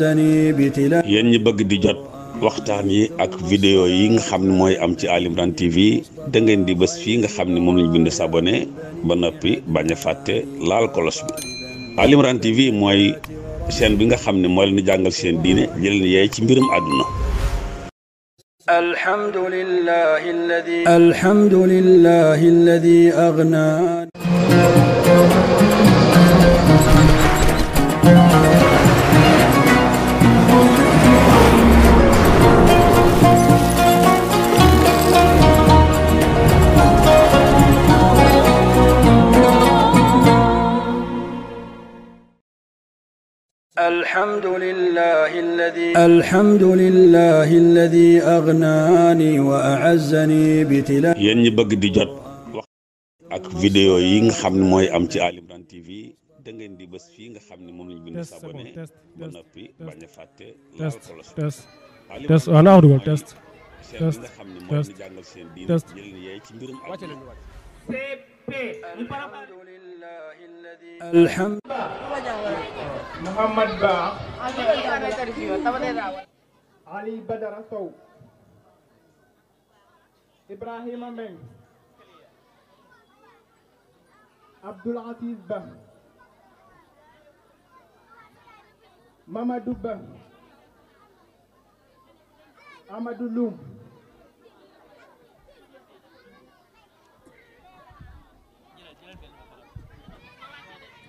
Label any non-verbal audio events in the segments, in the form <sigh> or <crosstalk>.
yéen ñi bëgg di jot waxtaan yi ak video yi nga xam ne mooy am ci Ali Imran TV da di bés fii nga xam ne moom lañ bind sabone ba noppi bañ a fàtte laal kolos bi Ali TV mooy seen bi nga xam ne mooy leen jàngal seen diine jëleen yeey ci mbirum àdduna alhamdulillahi alladi alhamdulillahi alladi aghnaa الحمد لله الذي الحمد لله الذي أغناني وأعزني بتلاوة yéen ñi bëgg di jot wax ak vidéo yi nga xam ne mooy am ci Ali Imran TV da ngeen di bés fii nga xam ne moom lañ bind abonné ba noppi bañ a fàtte laal kolos test waaw naa wax dugal test test test test الحمد محمد با علي بدر سو إبراهيم من عبد العزيز با مامادو با أحمد لوم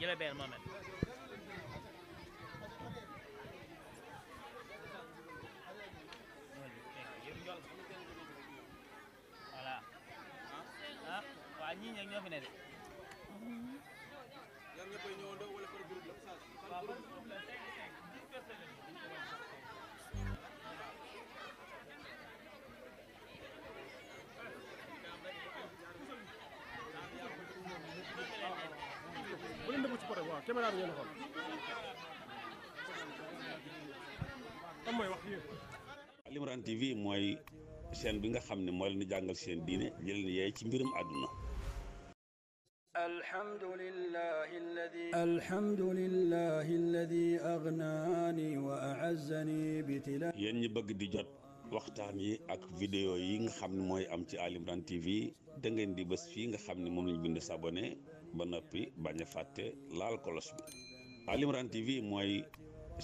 Gele beğenim Ahmet. Voilà. Ah, ñi ñoo fi ne de. caméra bi mooy wax TV mooy chaîne bi nga xam ne moo leen jàngal seen diine di leen yee ci mbirum àdduna الحمد لله الذي الحمد لله الذي أغناني وأعزني بتلاوة yéen ñi bëgg di jot waxtaan yi ak vidéo yi nga xam ne mooy am ci Ali Imran TV da ngeen di bés fii nga xam ne moom lañ bind s'abonner ba noppi bañ a fàtte laal kolos bi Ali Imran TV mooy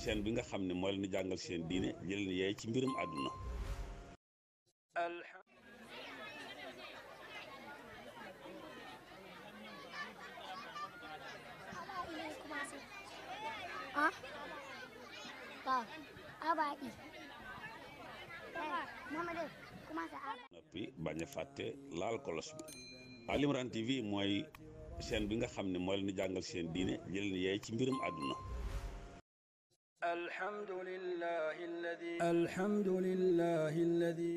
seen bi nga xam ne mooy leen jàngal seen diine jël leen yaay ci mbirum àdduna ah waaw ah. abaa i Mohamed commencé noppi bañ a fàtte laal kolos bi Ali Imran TV mooy chaîne bi nga xam ne moo leen jàngal seen diine di leen yee ci mbirum àdduna alhamdulillahi alladi alhamdulillahi alladi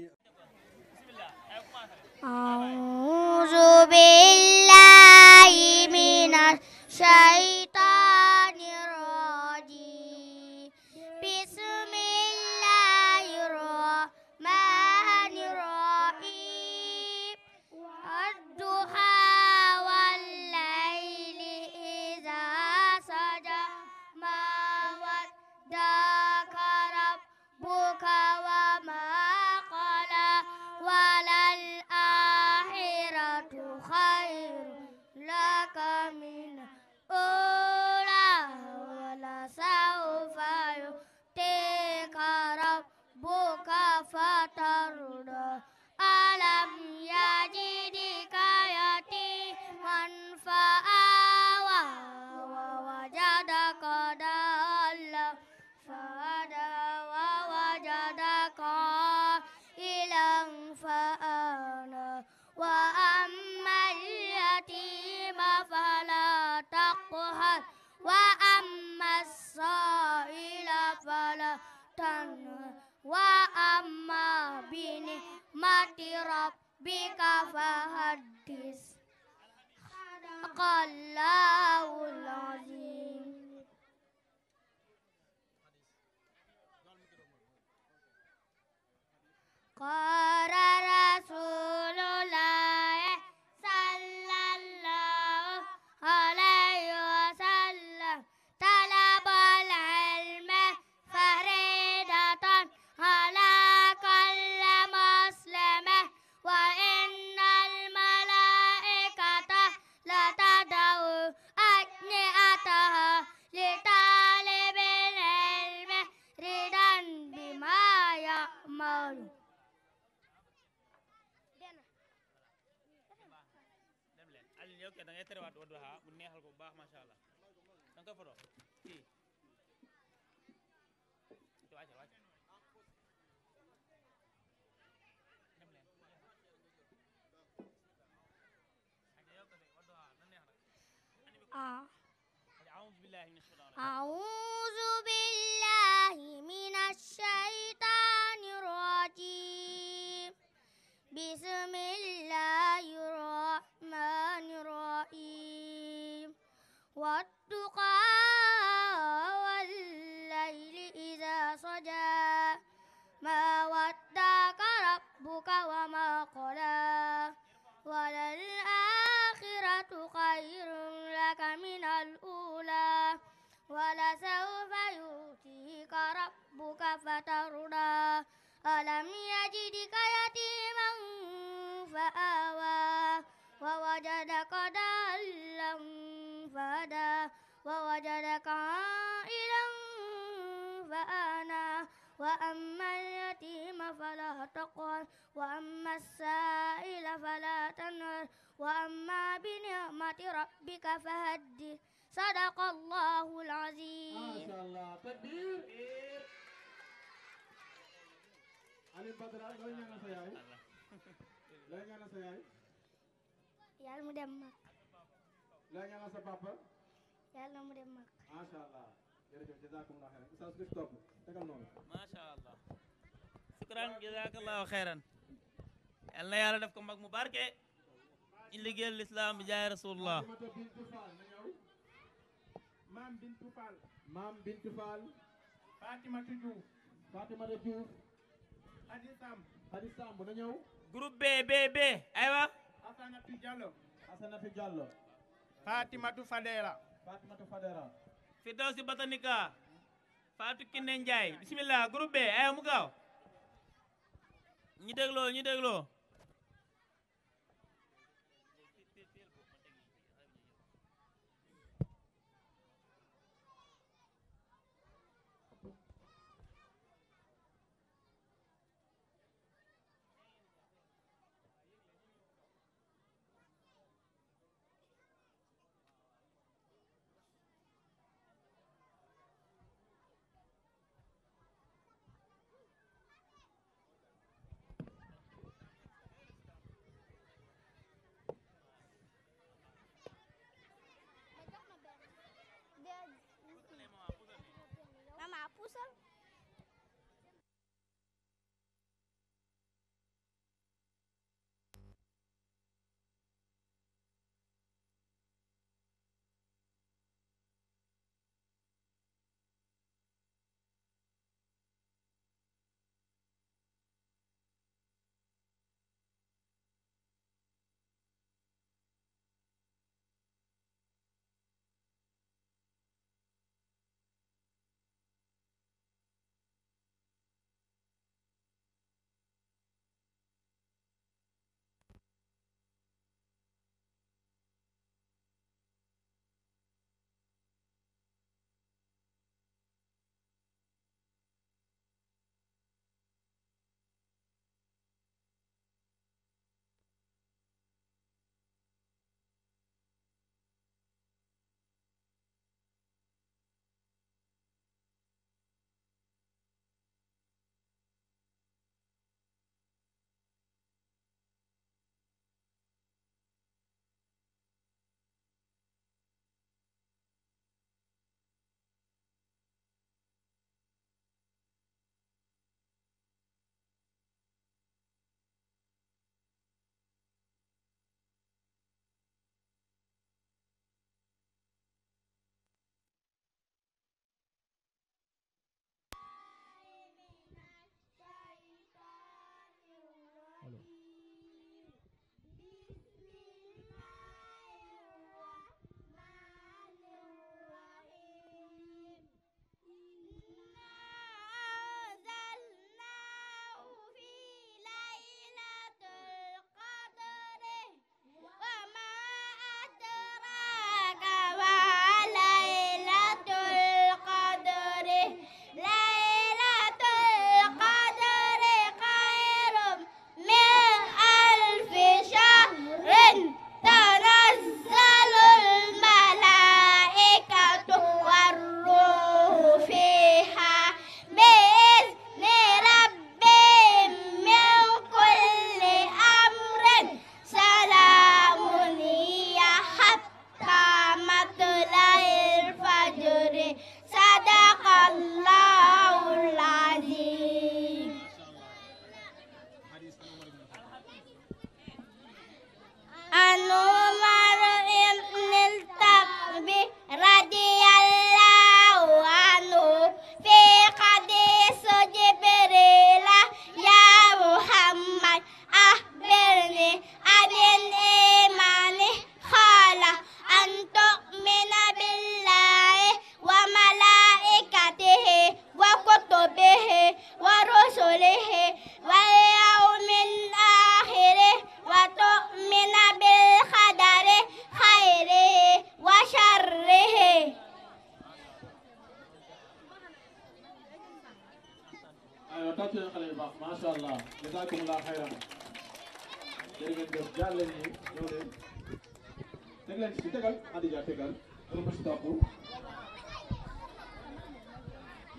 a'udhu billahi minash shaytan ayati rabbika fahaddi sadaqallahul aziim masha Allah takbir Ali Badara looy ñaanal sa yaay looy ñaanal sa yaay yàlla mu dem mag looy ñaanal sa papa yàlla mu dem mag masha Allah jërëjëf jazakumullahu khairan ustaz ku ci topp tegal noonu masha Allah sukran jazakallahu khairan yàlla na yàlla def ko mag mu barke liggéeyal lislaam bi jaay rasulullah maam bintu fall maam bintu fall fatimatu diouf fatimatu diouf hadi sam hadi sam bu na ñëw groupe B B B aywa hasanatu diallo hasanatu diallo fatimatu fadera ñi dégloo ñi dégloo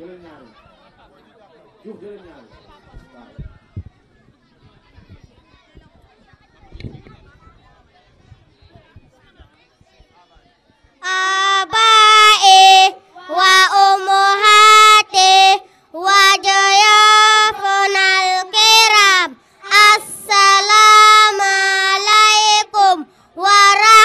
jëlee ñaari Diouf jëlee ñaari waaw. Wara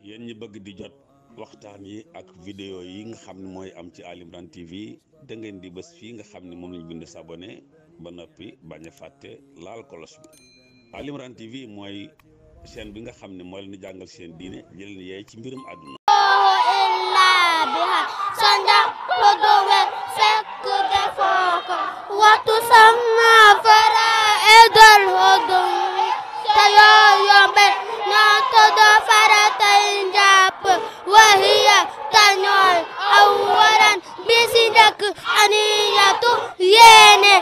yenn ñi bëgg di jot waxtaan yi ak vidéo yi nga xam ne mooy am ci Ali Imran TV da ngeen di bés fi nga xam ni moom lañ bind sabone ba noppi bañ a fàtte laal kolos bi Ali TV mooy chaîne bi nga xam ni moo leen jàngal seen diine di yeey ci mbirum àdduna fekk defoo ko wattu sama takk aniyatu yéene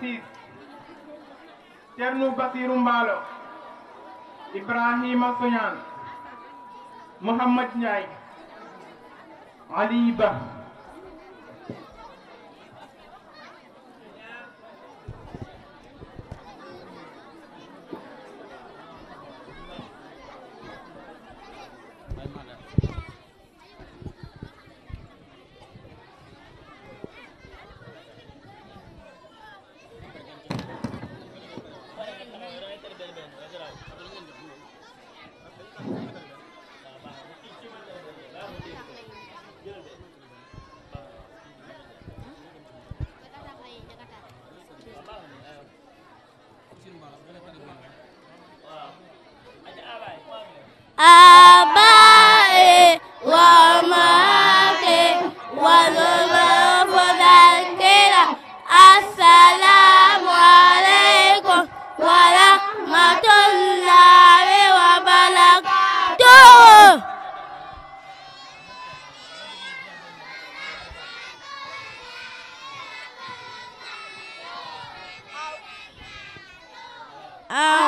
six Thierno Basirou Mballo Ibrahima Soñaan Mouhamad Ndiaye Ali Amen. Ah,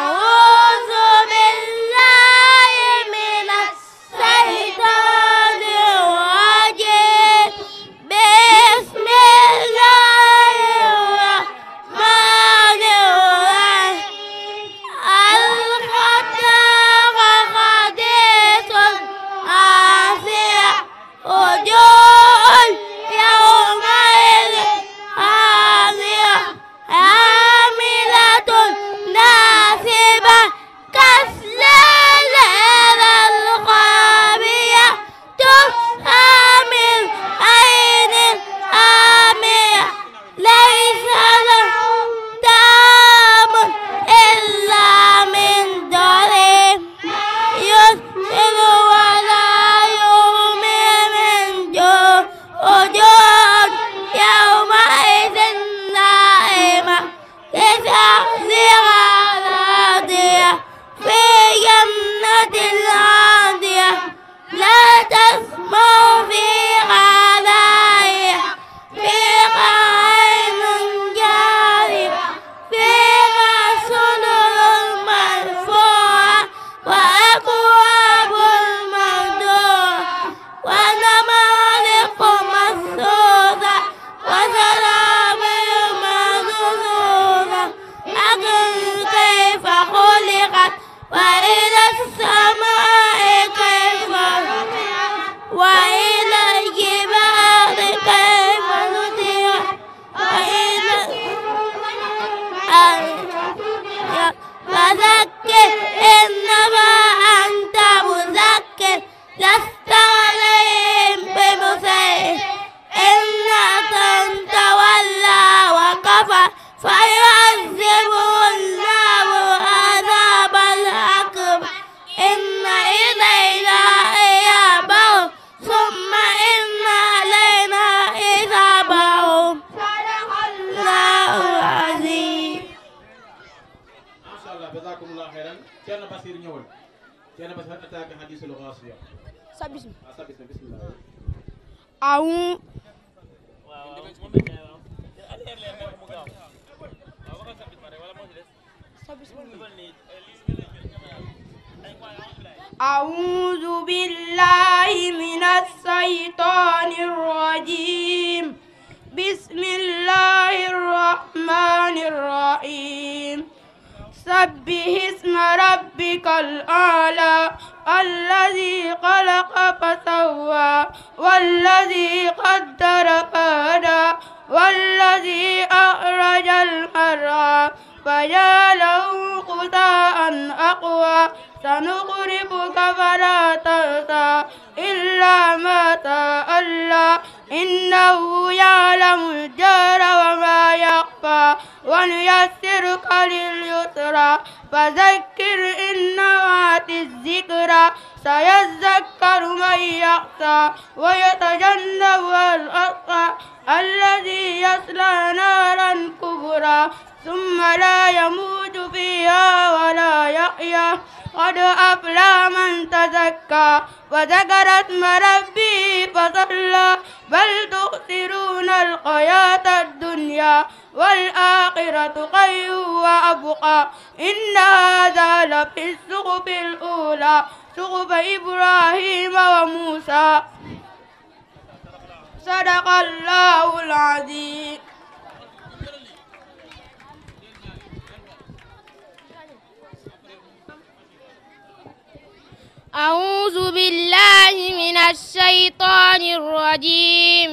بالله من الشيطان الرجيم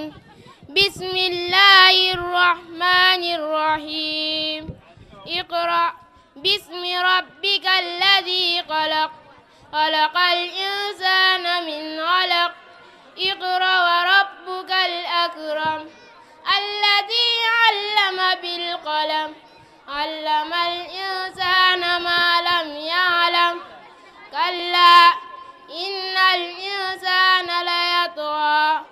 بسم الله الرحمن الرحيم اقرأ باسم ربك الذي خلق خلق الإنسان من علق اقرأ وربك الأكرم الذي علم بالقلم علم الإنسان ما لم يعلم كلا إن الإنسان ليطغى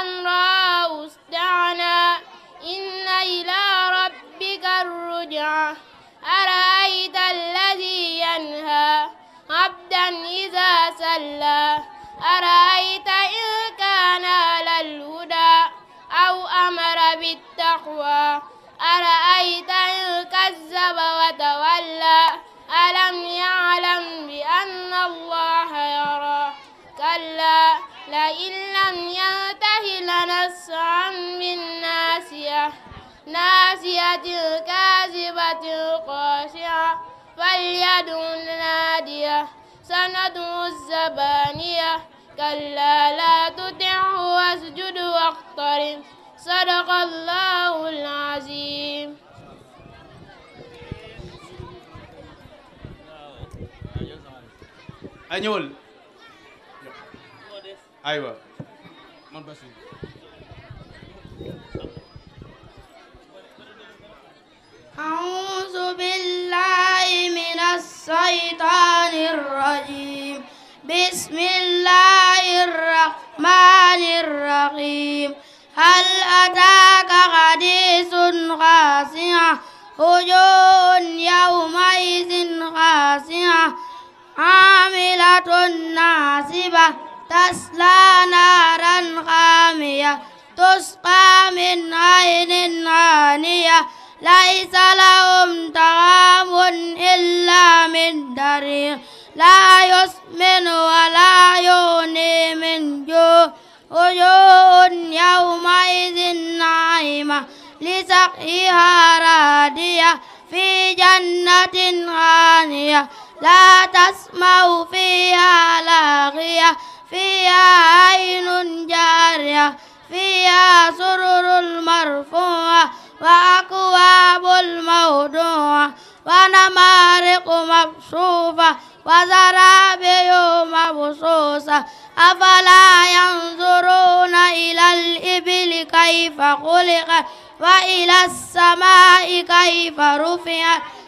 أن رآه استعنا إن إلى ربك الرجعى أرأيت الذي ينهى عبدا إذا صلى أرأيت إن كان على الهدى أو أمر بالتقوى أرأيت إن كذب وتولى ألم يعلم بأن الله يرى كلا لئن لم ينته لنسعا بالناسية ناسية كاذبة قاسية فليدع نادية سندعو الزبانية كلا لا تطعه واسجد واقترب صدق الله العظيم ay ñëwal aywa man Basi أعوذ بالله من الشيطان الرجيم بسم الله الرحمن الرحيم هل أتاك حديث خاسعة وجوه يومئذ خاسعة عاملة ناصبة تسلى نارا حامية تسقى من عين عانية ليس لهم طعام إلا من ضريع لا يسمن ولا يغني من جوع وجوه يومئذ ناعمة لسقيها رادية في جنة عالية لا تسمع فيها لاغية فيها عين جارية فيها سرر مرفوعة وأكواب موضوعة ونمارق مبثوثة وزرابي مبثوثة أفلا ينظرون إلى الإبل كيف خلقت وإلى السماء كيف رفعت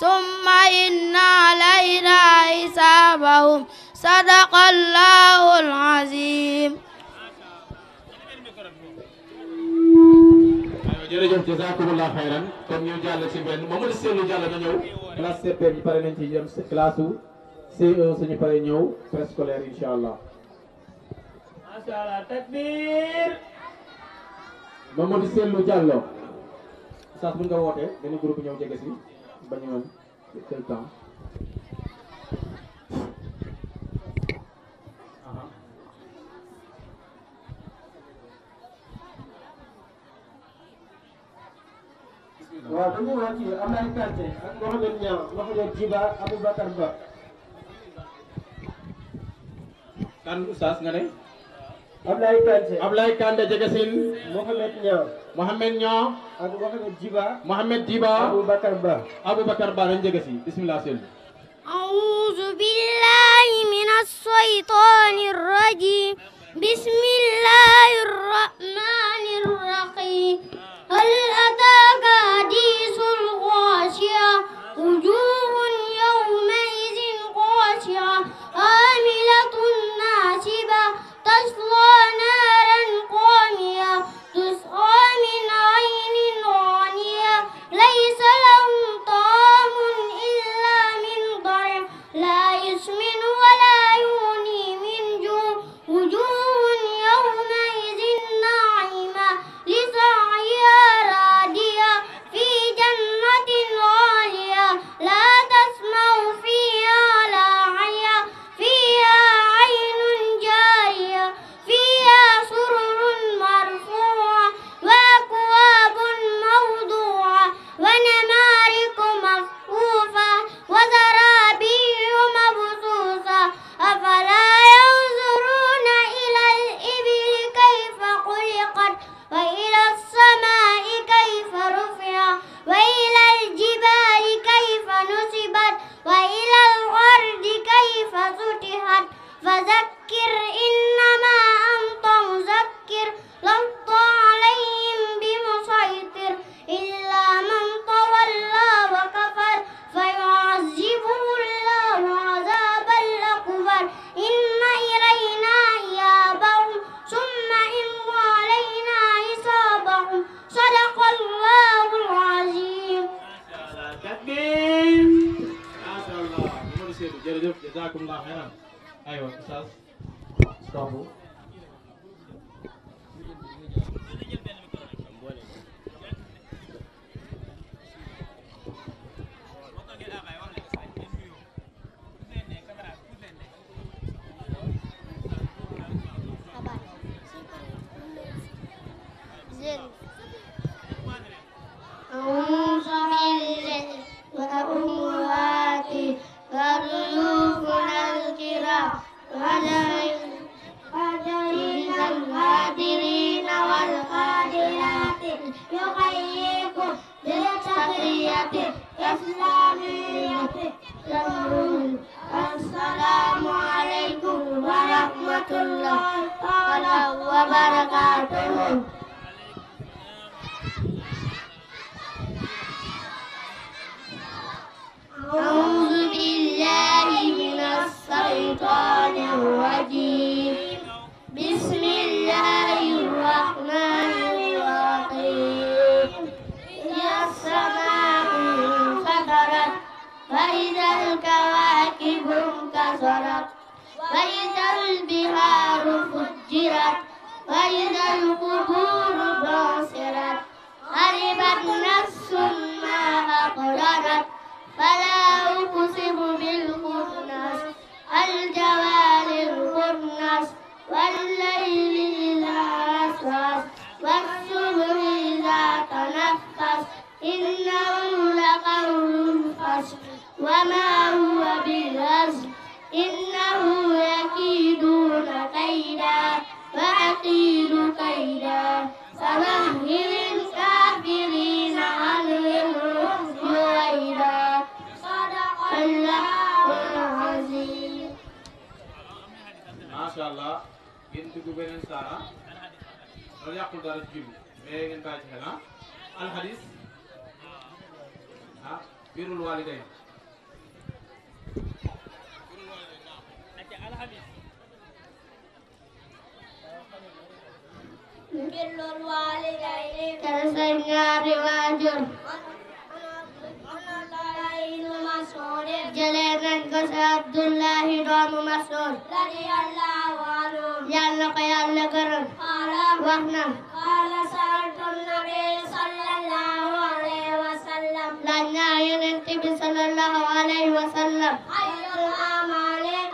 summa inna alayna hisaabahum sadaqallahul aziim jërëjëf jazakumullah xayran kon ñu jàll ci benn Mamadou Seydou jàll na ñëw classe CP bi pare nañ ci jëm classe CE suñu pare ñëw préscolaire insha allah masha allah takbir Mamadou Seydou Diallo sax bu nga wootee benn groupe ñëw jege si bañoon quel temps waaw dañuy wax kii Ablaye Kanté ak Mouhamed Niang Mouhamed kan oustaz nga ne Ablaye Kante Ablaye Kante Jegesin. Mohamed Niang. Mohamed Niang. ak Mohamed Jiba. Mohamed Jiba. Aboubacar Ba. Aboubacar Ba lañ jegesi bisimilah seen. أعوذ بالله من الشيطان الرجيم بسم الله الرحمن الرحيم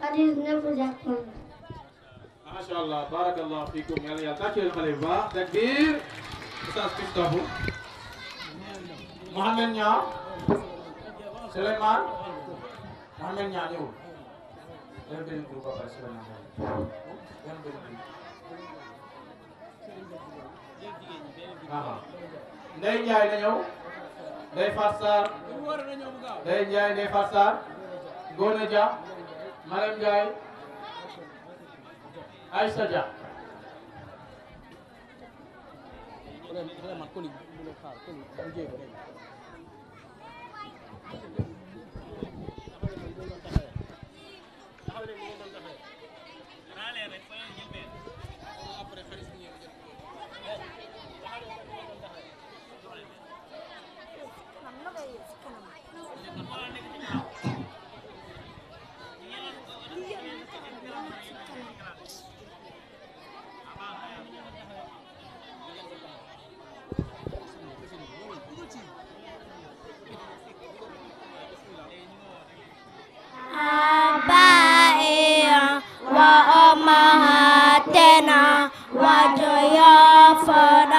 xadis nefu jàppoon la macha allah barakallahu fikum yàlla yàlla tàcceel xale bu baax takbir ustaas Christophe Mohamed na ñëw Ndeye Fatou Sarr Ndeye Ndiaye Ndeye Fatou Sarr Marème Ndiaye Aïssa Dia vraiment and your father.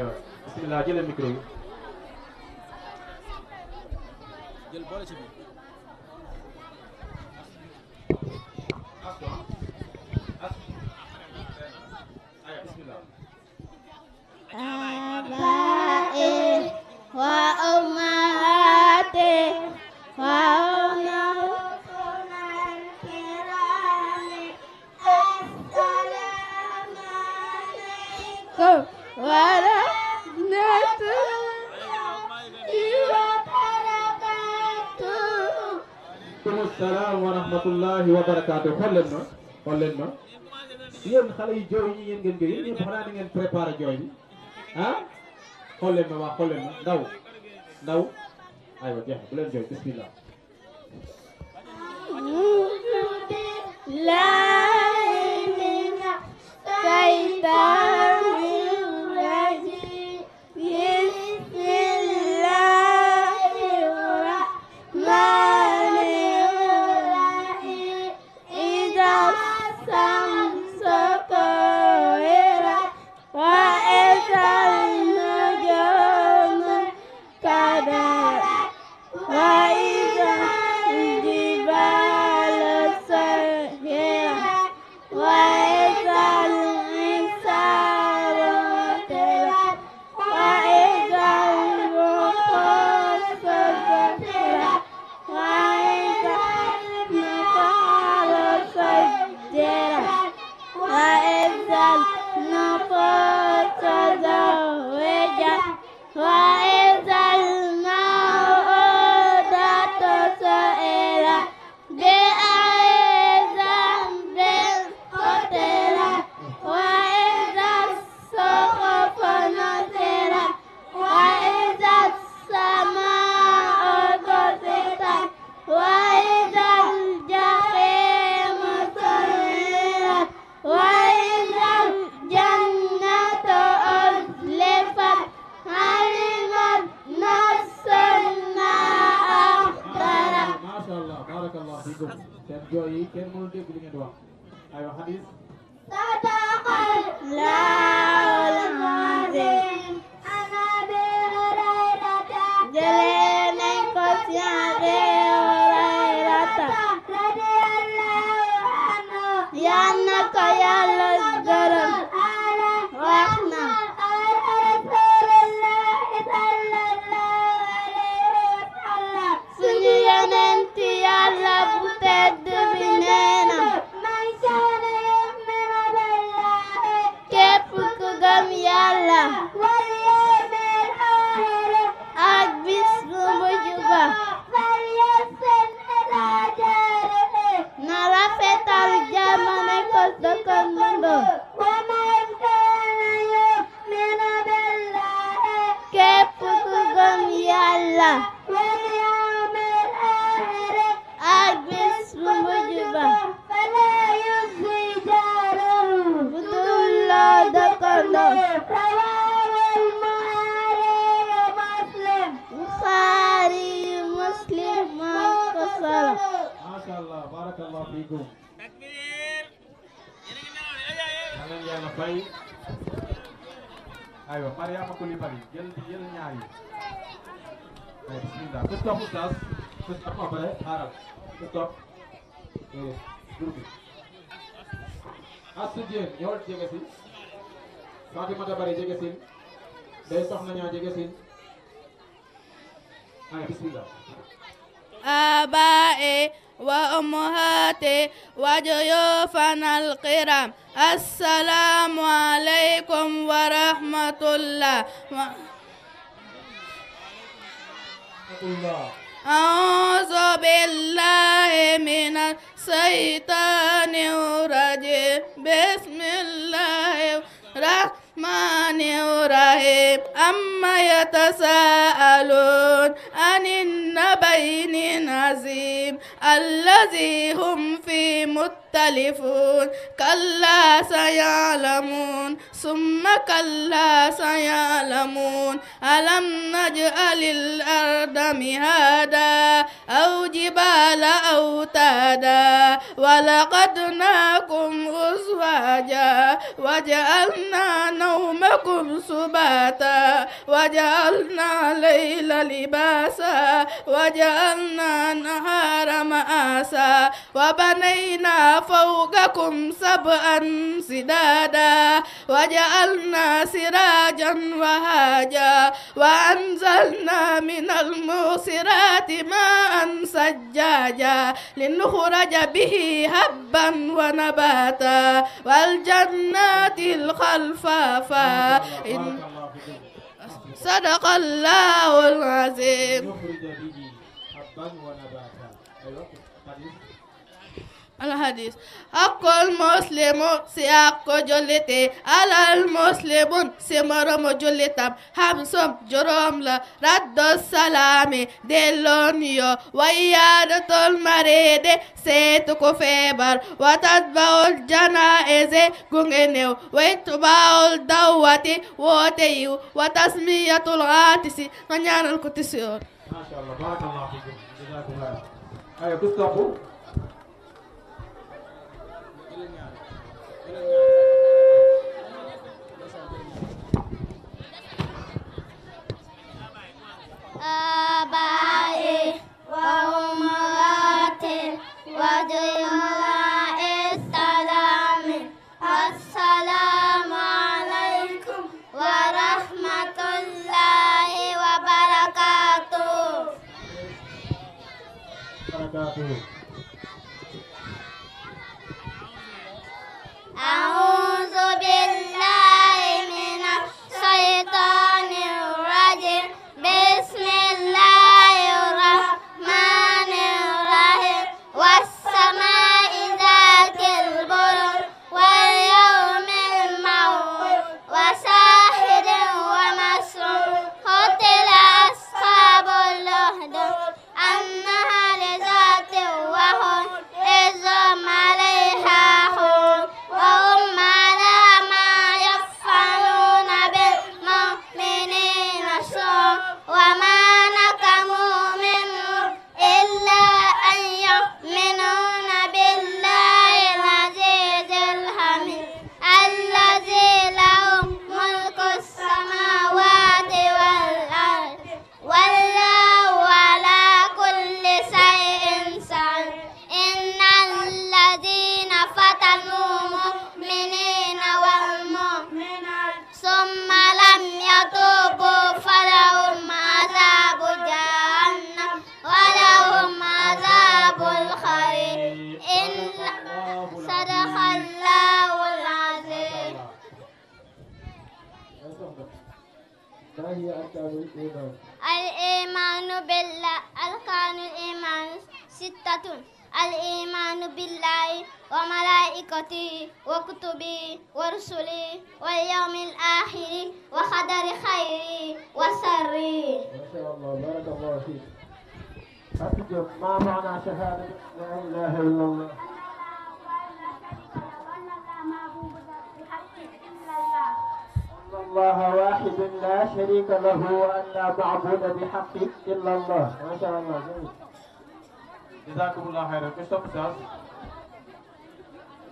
aywa bismillah jëlee micro bi. jël ci biir. rahmatullahi wa barakaatu xool leen ma xool leen ma yéen xale yi jooy ñi yéen ngeen jooy yéen ñëpp xanaa di ngeen préparé jooy bi ah xool leen ma waa xool leen ma ndaw ndaw aywa jeex bu leen jooy bismillah aywa xadis. Mariama Coulibaly jël jël ñaar yi. waaye bisimilah ku topp oustaz ku topp après xaaral ku topp euh, groupe bi. Astou Dieng ñëwal jege si. Fatimata Bari jege si. day soxna ñaa jege si. waaye bisimilah. Abae. وأمهات وجيوفنا القرام السلام عليكم ورحمة الله أعوذ بالله من الشيطان الرجيم بسم الله الرحمن الرحمن الرحيم أما يتساءلون عن النبي عظيم الذي هم فيه مختلفون كلا سيعلمون ثم كلا سيعلمون ألم نجعل الأرض مهادا أو جبال أوتادا ولقد نافع لكم أزواجا وجعلنا نومكم سباتا وجعلنا الليل لباسا وجعلنا النهار مآسا وبنينا فوقكم سبعا سدادا وجعلنا سراجا وهاجا وأنزلنا من الموسرات ماء سجاجا لنخرج به هبا ونباتا الصلاة والجنات الخلفافا صدق الله العظيم alhadis hakkol moslemo si hakko jollete alal moslemon si moromo jolletam hamsom jorom la raddo salame dellon yo wayyadatol marede seetu ko feebar watadbawol janaeze gunge new waytubawol dawwati woote yiw wa tasmiyatul aatisi nga ñaanal ko tisiyoon masha آبائه وأمهاته وجميع السلام السلام عليكم ورحمة الله وبركاته. أعوذ بالله من الشيطان Daayra bu Sox Saas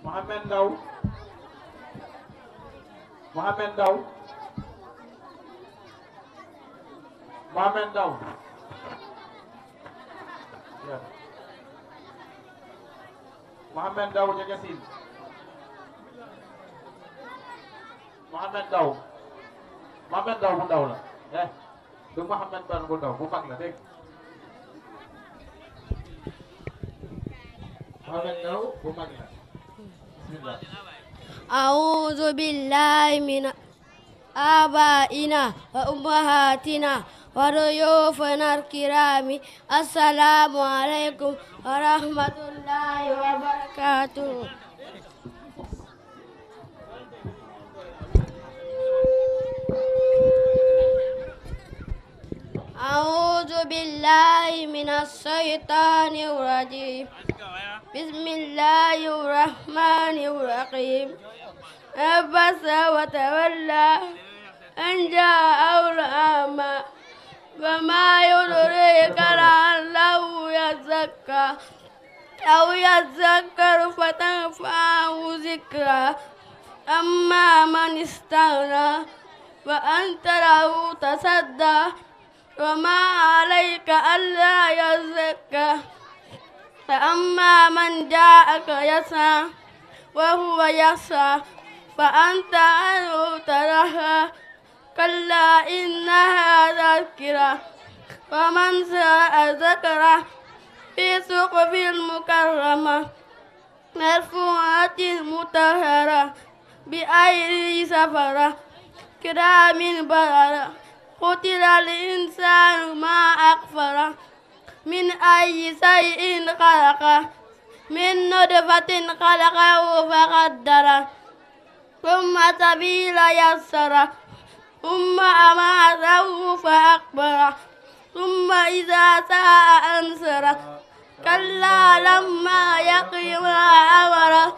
Mohamed Ndaw Mohamed Ndaw Mohamed Ndaw Mohamed Ndaw Ndiaga Sine Mohamed Ndaw Mohamed daw mu ndaw la eh du Mohamed Ban bu ndaw bu mag la dégg هذا النوع ومنع بسم الله أعوذ بالله من آبائنا وأمهاتنا وضيوفنا الكرام السلام عليكم ورحمة الله وبركاته أعوذ بالله من الشيطان الرجيم بسم الله الرحمن الرحيم عبس وتولى أن جاءه الأعمى فما يدريك لعله يزكى أو يذكر فتنفعه ذكرى أما من استغنى فأنت له تصدى وما عليك ألا يزكى فأما من جاءك يسعى وهو يسعى فأنت عنه ترها كلا إنها تذكرة فمن شاء ذكره في سقف المكرمة مرفوعة مطهرة بأيدي سفرة كرام بررة قتل الإنسان ما أكفره من أي شيء خلقه من نطفة خلقه فقدره ثم سبيل يسره ثم أماته فأكبره ثم إذا ساء أنصره كلا لما يقي ما أمره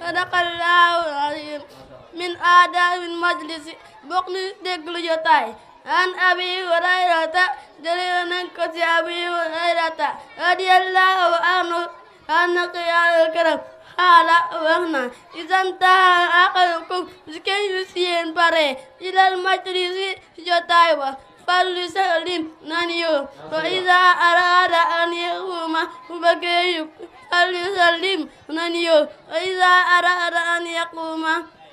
صدق الله العظيم min aadaawil majlisi bokk ni déglu jotaay an abi hurayrata jëlee nañ ko ci abi hurayrata radiyallahu anhu anna qiyaal karam xaala wax na isantaha aqalukum si kenn yu si yéen pare ilal majlisi jotaay wa fallu salim naniyo wa ida arada an yaquma ubakeyu fallu salim naniyo wa ida arada an yaquma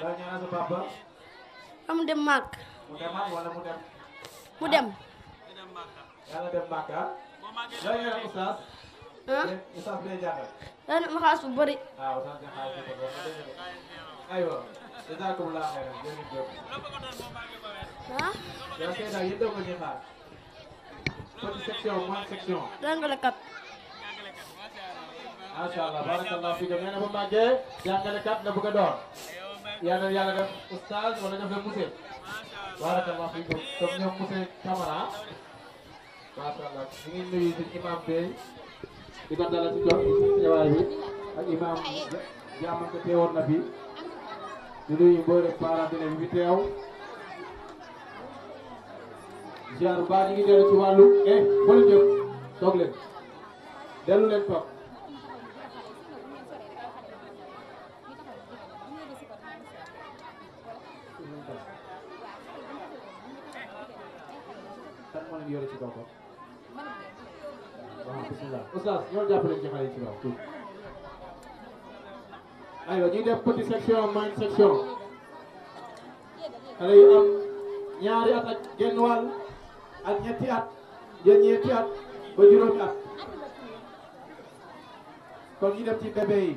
loo ñaanal sa papa. am dem màkk. mu dem màkk wala mu dem. mu dem. yàlla dem màkk ah. loo ñaanal ustaas. ah ustaas bi lay jàngal. daa na ma xaas bu bëri. waaw ustaas bi xaas bu bëri. aywa. jazakumullah xayran jërëjëf. ah. yow kay daal yéen doo ko ñuy xaar. petite section moindre section. jàngalekat. macha allah barakallah fi nga nee na bu màggee jàngalekat na bëgg a door. yàlla yàlla def oustaz wala def leen monsieur barakallah fi comme comme ñoom monsieur Camara macha allah ñu ngi nuyu si imam bee di ko dalal si jox teewaay bi ak imam jaamante teewoon na fi di nuyu mboole parent bi bi teew ziar bu baax ñu ngi dellu ci wàllu eh boole jëm toog leen dellu leen toog amélioré ci kaw kaw. waaw bisimilah oustaz ñoo jàppale ci xale ci kaw tuuti. aywa ñuy def petite section main section. xale yu am ñaari at ak genn wàll ak ñetti at jël ñetti at ba juróomi at. kon ñu dem ci bébé yi.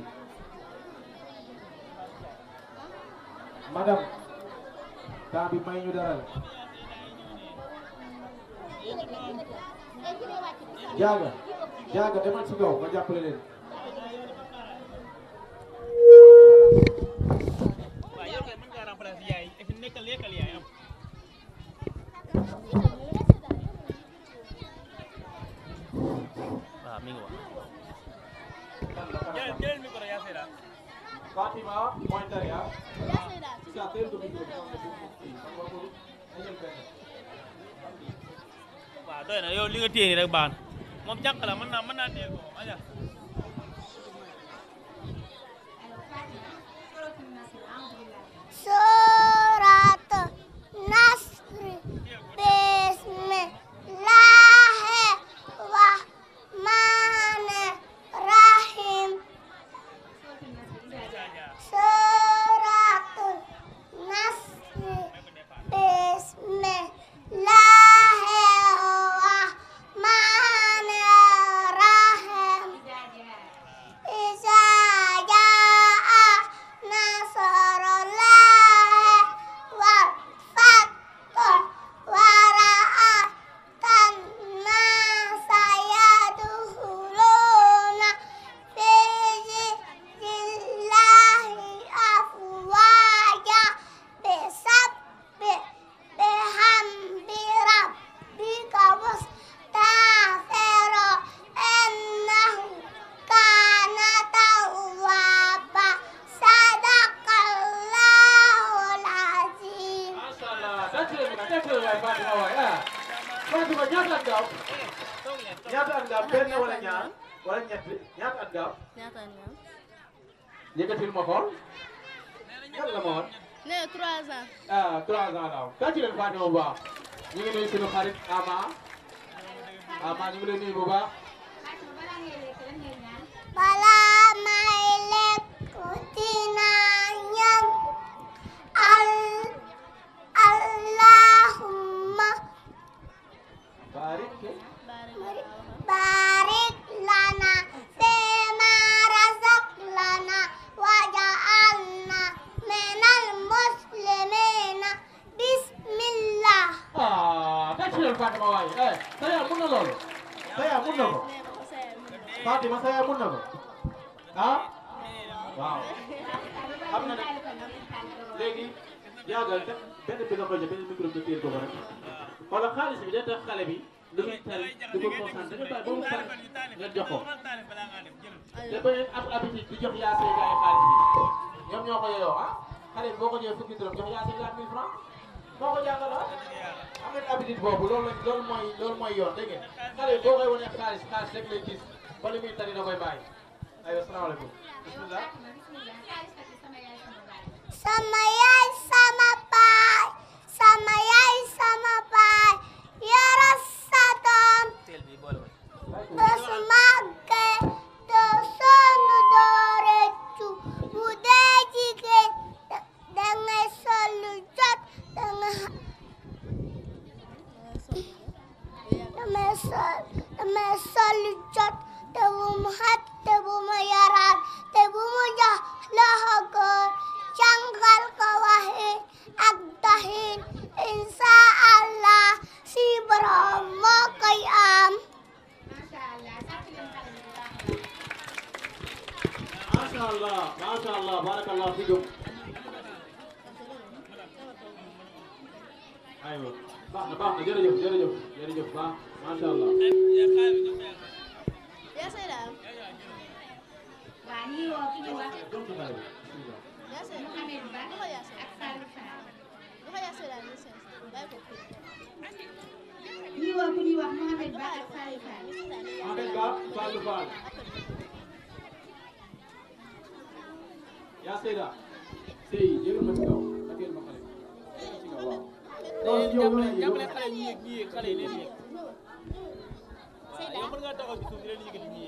madame bi may ñu dara la. jaaga jaaga demal ci kaw nga jàppale leen Fatima, point area. Yeah, say that. doy na yow li nga téye nii rek baax na moom jànq la mën naa mën naa téye ko ah euh, 3 ans la waaw tàcc leen Fatima waaye eh sa yaay mun na loolu sa yaay mun na ko Fatima sa yaay mun na ko ah waaw xam na ne léegi yaagal te benn bi nga koy jox benn micro bi téye ko rek wala xaalis bi day tax xale bi lu muy tal du ko concentré ba mu pare nga jox ko te ba am habitude di jox yaa say gaay xaalis bi ñoom ñoo ko yeyoo ah xale bi boo ko ñëwee fukki dërëm jox yaa say gaay mille francs moo ko jàngaloon ah? am nañu habitude boobu loolu loolu mooy loolu mooy yoon dégg ngeen xale yi boo koy wane xaalis xaalis rek lay gis ba li muy tari da koy bàyyi aywa salaamaaleykum bismillah sama yaay sama baay sama yaay sama baay yara sa doom doo màgge doo sonn doo reccu bu dee jigéen da ngay sol lu jot dama damay sol damay sol lu jot te bu mu xat te bu mu yaraat te bu mu jox loxo góor jàngal ko waxin ak doxin insa allah si borom moo koy am macha allah macha allah barakallah fiikum aywa baax na baax na jërëjëf jërëjëf jërëjëf baax macha allah. waaw ñu ngi woo ki ñu wax. Mouhamed Ba ak Saliou Fall. ñu ngi woo ki ñu wax Mouhamed Ba ak Saliou Fall. Mouhamed Ba Saliou Fall. yaa Seyda. Sey jël ma ci kaw ak jël ma xale. waaw. Eh, jàppale xale yi yéeg ñi yéeg xale yi leen yéeg waaw yow mën nga taxaw ci suuf di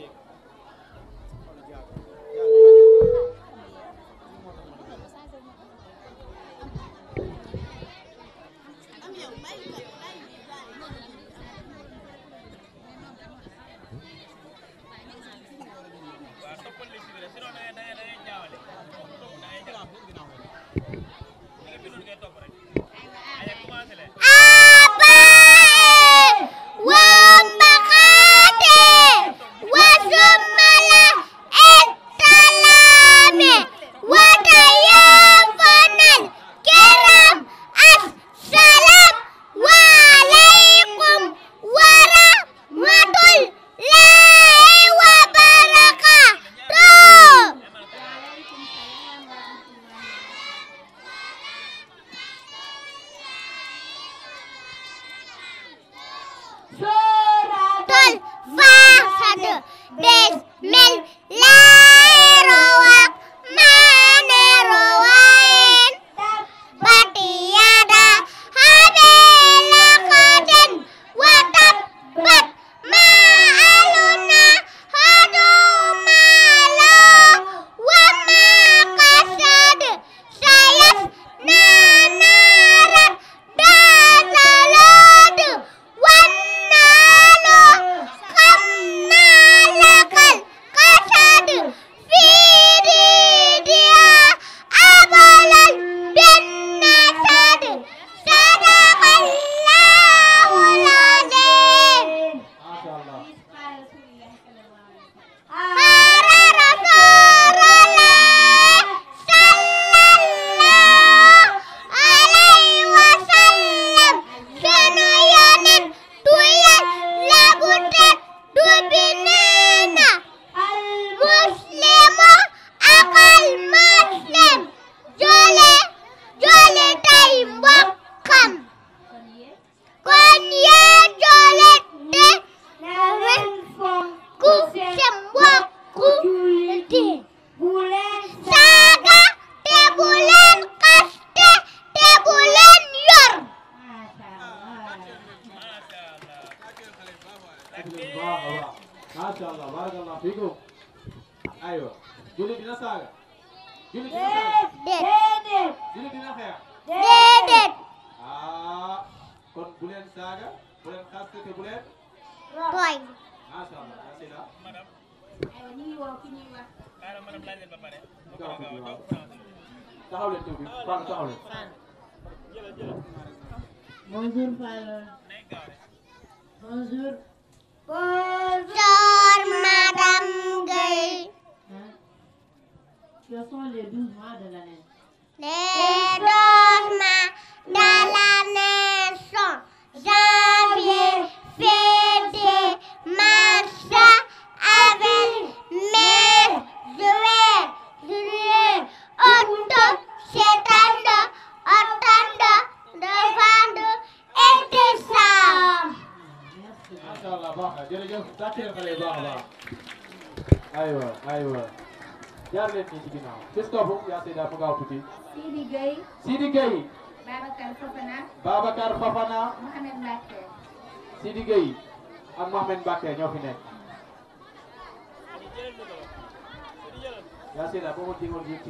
Ahmed Mbacké ñoo fi nekk. yaa seetla boo ma jéemoon yéeg ci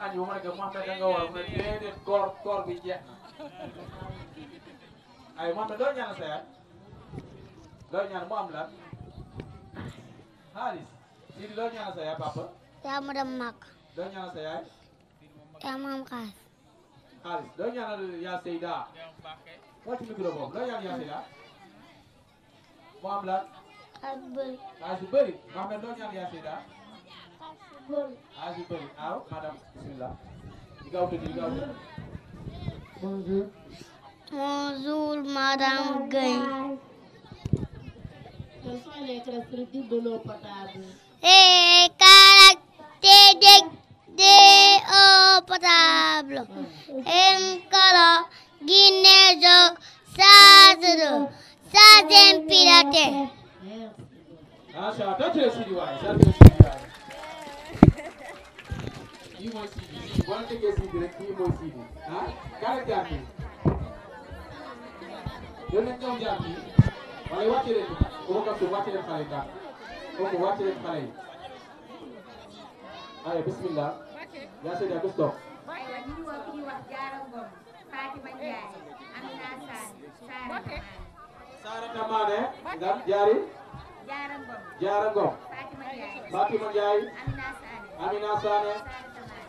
añ ba ma ne ko Mouhamed da nga war mu ne déedéet koor koor bi jeex na ay Mouhamed doo ñaan sa yaay doo ñaan mu am lan xaalis Sidi doo ñaan sa yaay papa. yaa ma dem màkk. doo ñaan sa yaay. yaa ma am xaalis. xaalis doo ñaanal yaa Seyda wàcc micro boobu doo ñaan yaa Seyda mu am lan. xaalis bu bëri. xaalis bu bëri Mouhamed doo ñaan yaa Seyda. âge yu bëri aaw de l'eau potable encore guinéjo sasro sasen kii mooy sii bi lii boo la tegee sii bi rek kii mooy sii bi ah kaara jaar bi yow nag ñoom jaar bi wala wàcce leen ko ko su wàcce leen xale yi daal kooku wàcce leen xale yi aywa bismillah yaa seede ak stop Sara Tamaane ngam jaari Jaara Ngom Fatima Ndiaye Amina Sane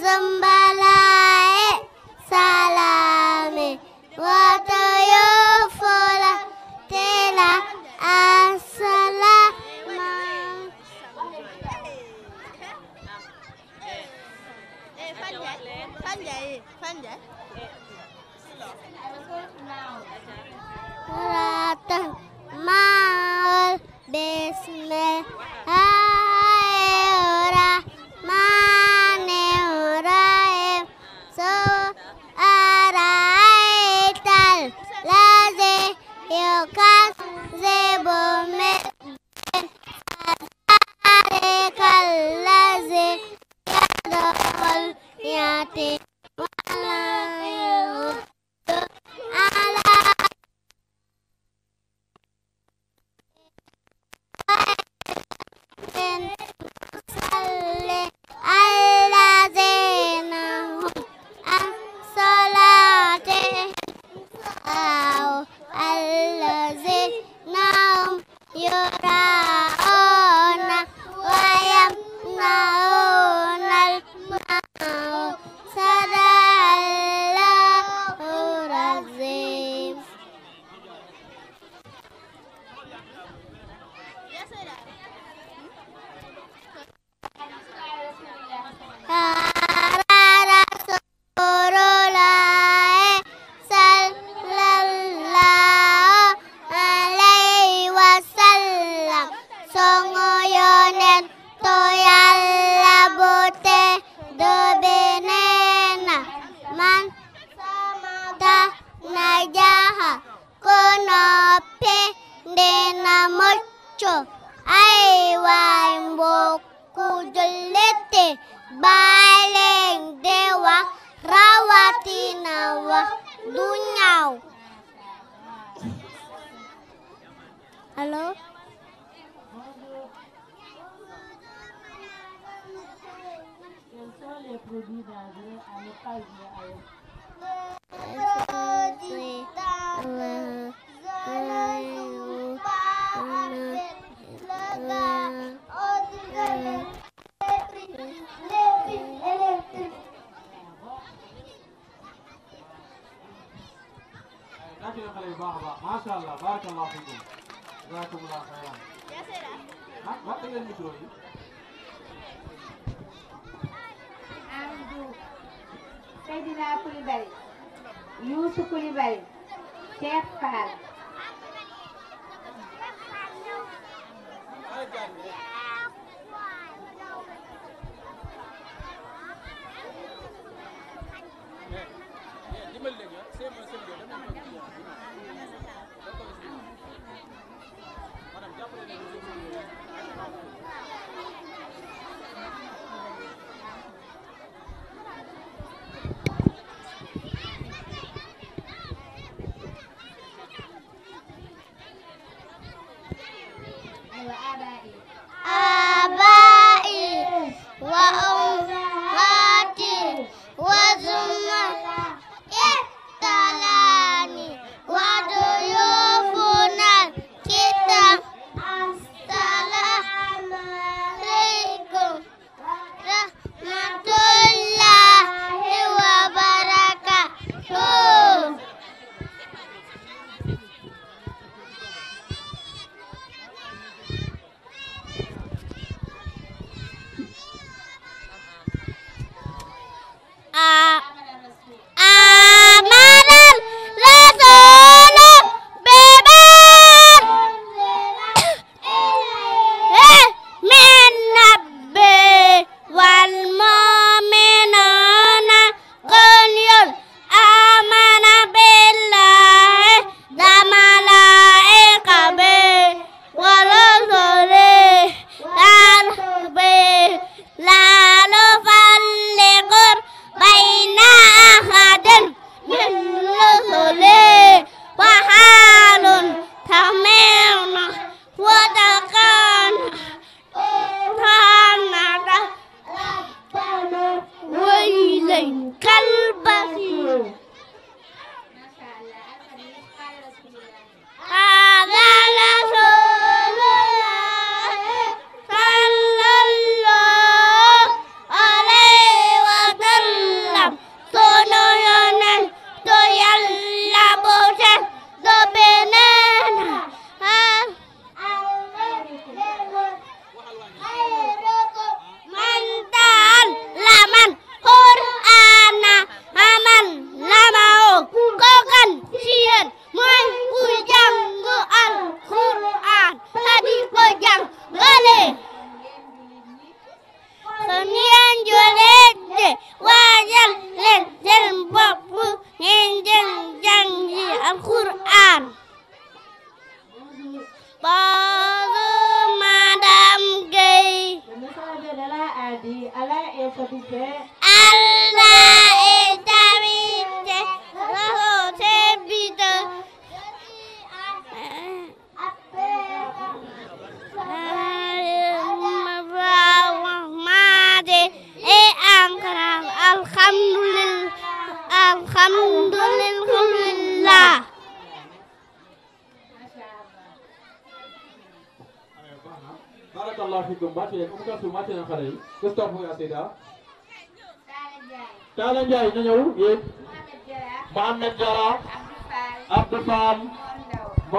zambalaye salame wata yo fola tela asala Rata mal besmel ياتي ولا يغفر dee na mocco ay waay mbokku jullit yi bàyyi leen di wax rawatina wax du ñaaw allo Quels sont les produits d'engrais à ne pas oublier ailleurs Sukuli Bay Cheikh Fall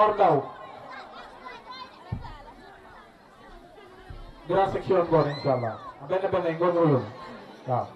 Mor Ndao grand section ngoor incha allah benn benn ngoor wóyul waaw.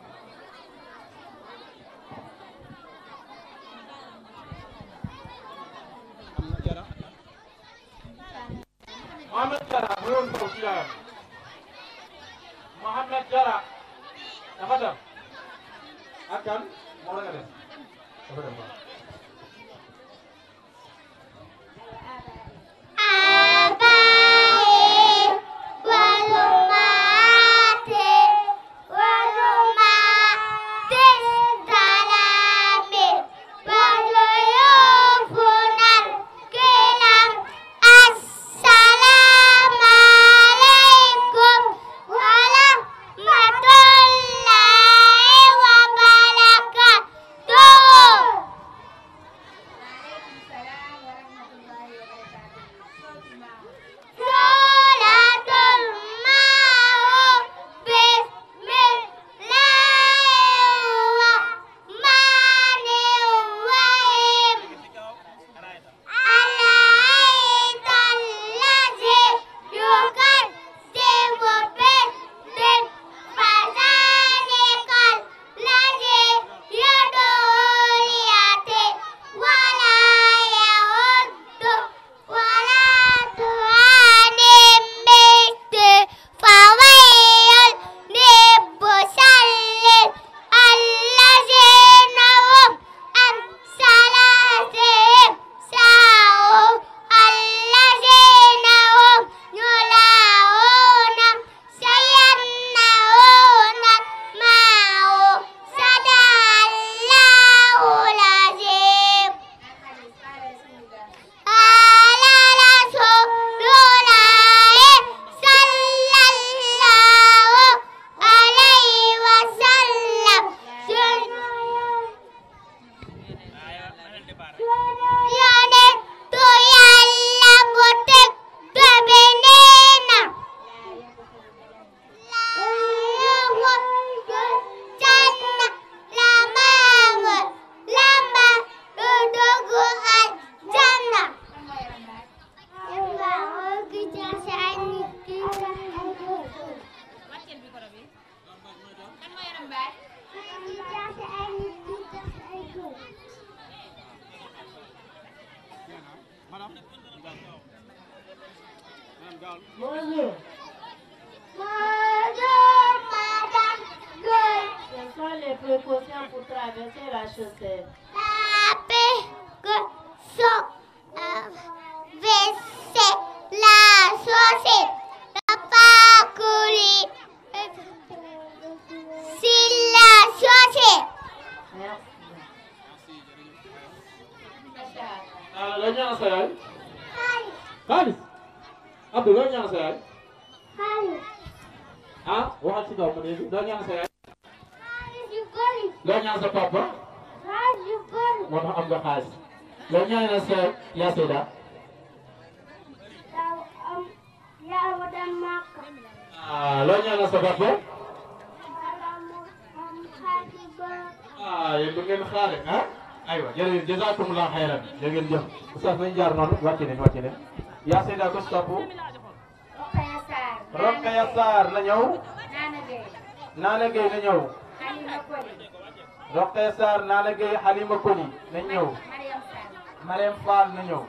Sarr Nana Gueye Halima Koli na ñëw. Halima Koli Mariam Sall moo doon.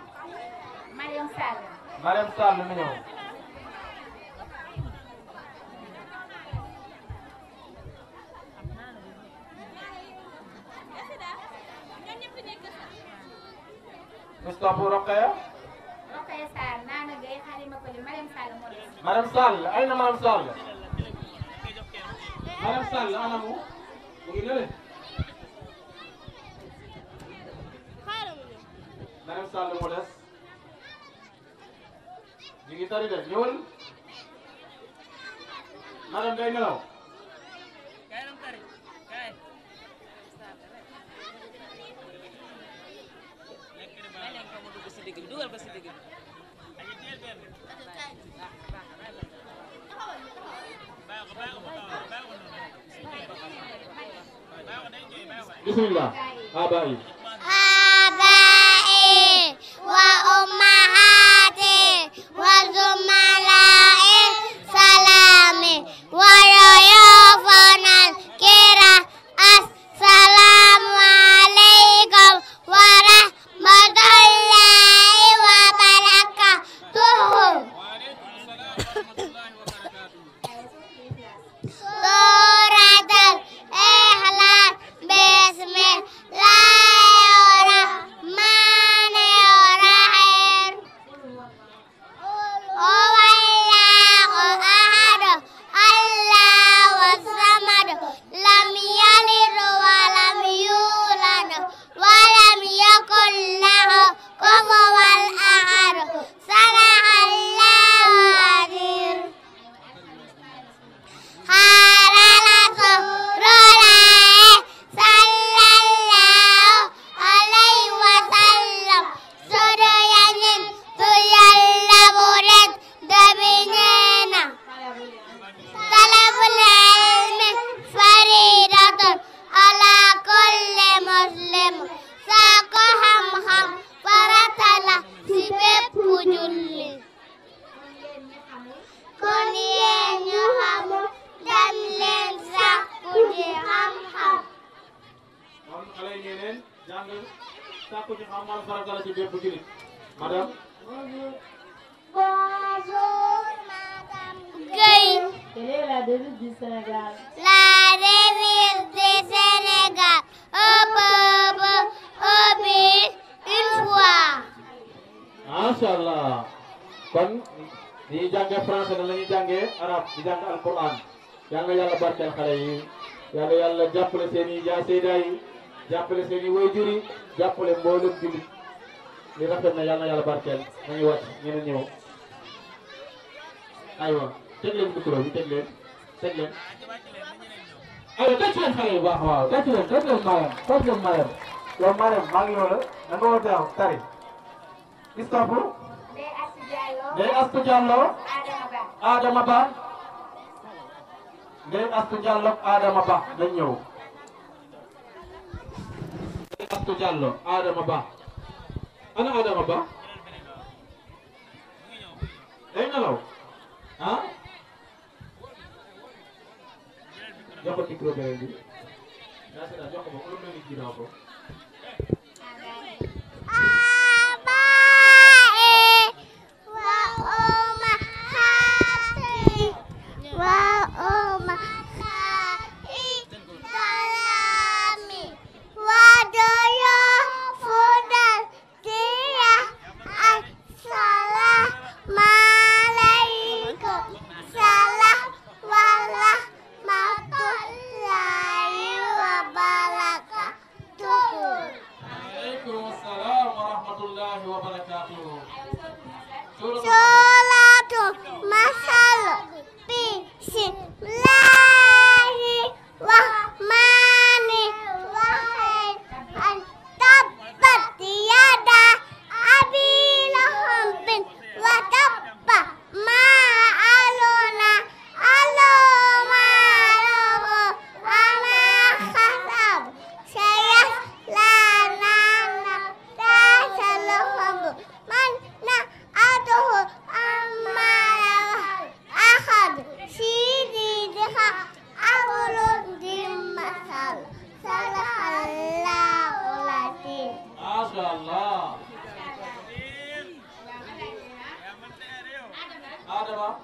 Mariam Sall na Mariam Naim Sall mu des ñu ngi tari de ñëwal madame day nelaw bismillah abaa ah, yi barkeel nañu wàcc ñeneen ñëw aywa teg leen micro bi teg leen teg leen aywa teg leen xale yu baax waaw teg leen teg leen maayam teg leen maayam yow maayam maa ngi loola da nga war a teew tari gis nga bu Ndeye Astou Diallo Adama Ba Ndeye Astou Diallo Adama Ba dañ ñëw Ndeye Astou Diallo Adama Ba ana Adama Ba Adama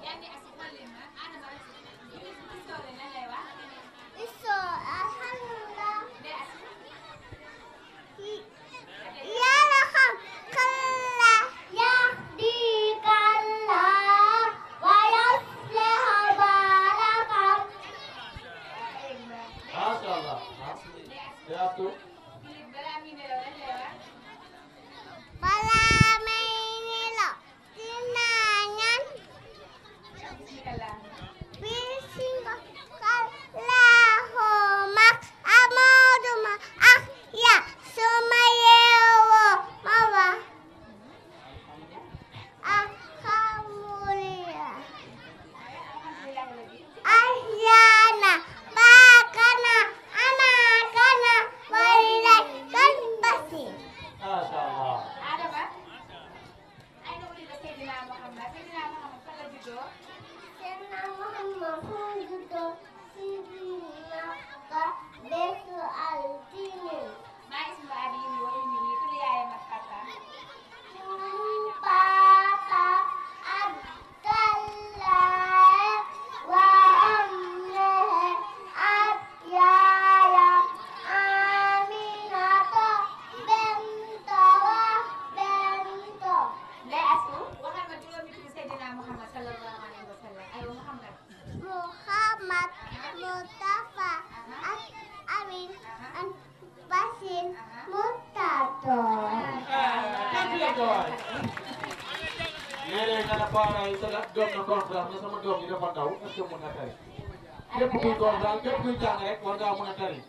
kuy góor daal képp kuy jàng rek war ngaa mën a tari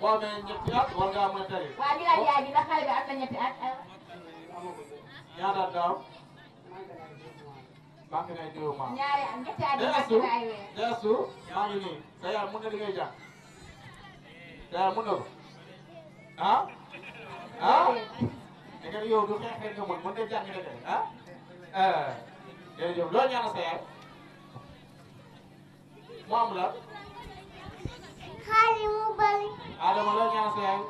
boo amee ñetti at war ngaa mën a tari. waaw ñu laaj yaay bi ndax xale bi am na ñetti at. ñaata daaw. maa ngi lay déglu maa. ñaari at ñetti at yi maa ngi nii sa yaay mën na li ngay jàng. sa yaay mën na ko. ah. ah. <laughs> da nga yow du xeex rek nga mën mën nga jàng rek ah. Eh, jërëjëf loolu ñaanal sa yaay. mu am la. xaalis mu bëri. Adama loolu ñaar sa yaay.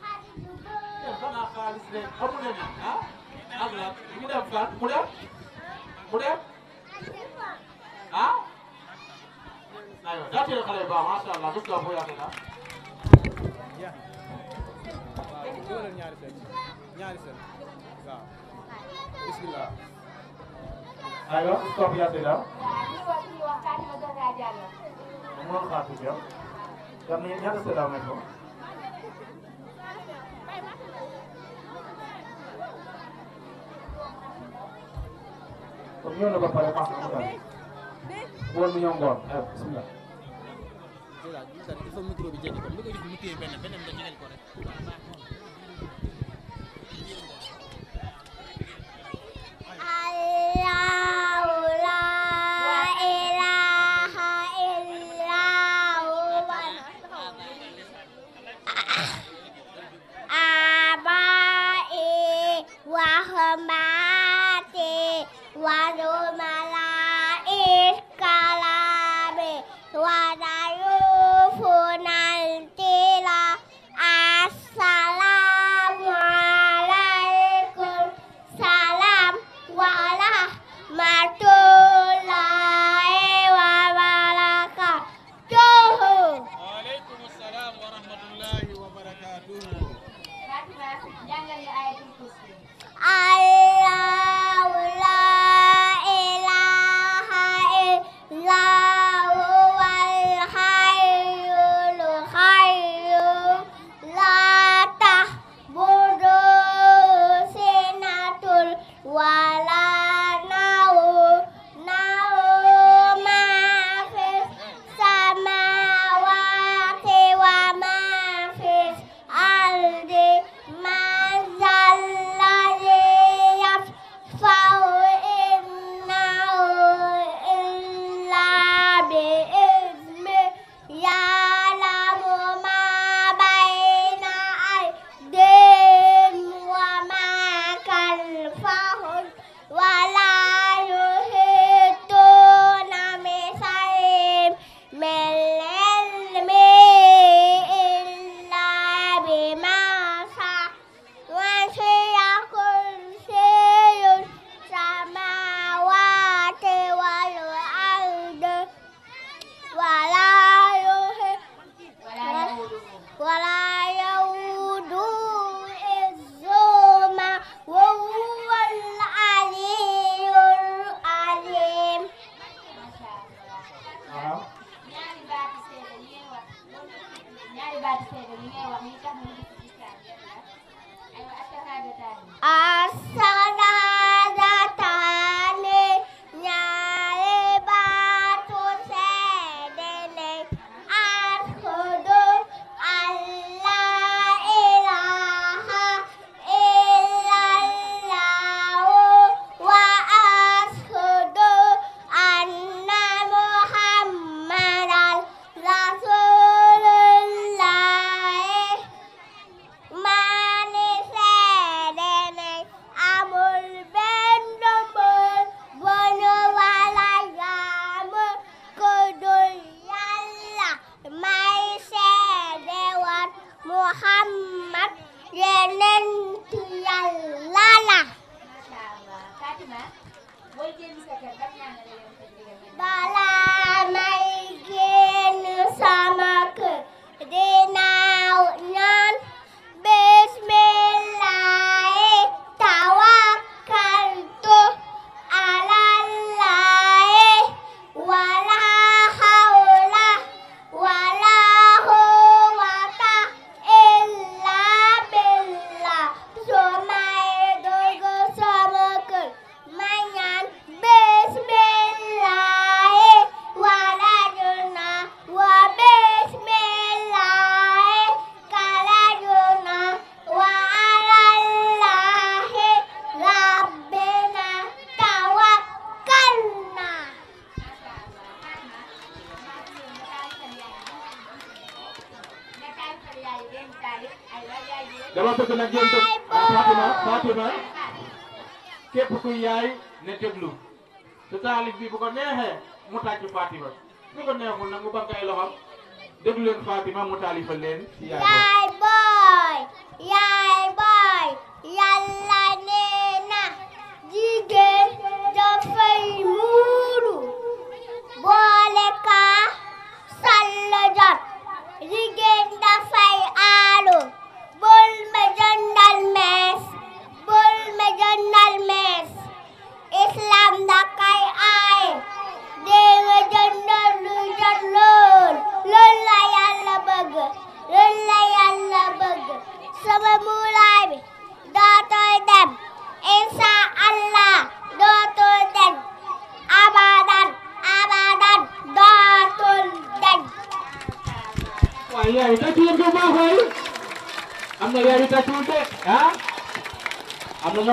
xaalis mu bëri. yow xanaa xaalis de xamu ne ni ah. ak la mu dem fan mu dem. mu dem. ah. aywa daa teel xale yu baax macha allah bis la booy affaire ah. waaw ñaari seen ñaari seen waaw bismillah. aywa stop yaa tey daal. moo xaatiya kam ni ñaata seeda amee ko comme ñëw na ba pare baax na mu daal woon mu ñëw ngoon ay bismillah il faut micro bi jege ko mu ko jox mu téye benn benn da jegeel ko rek Mama.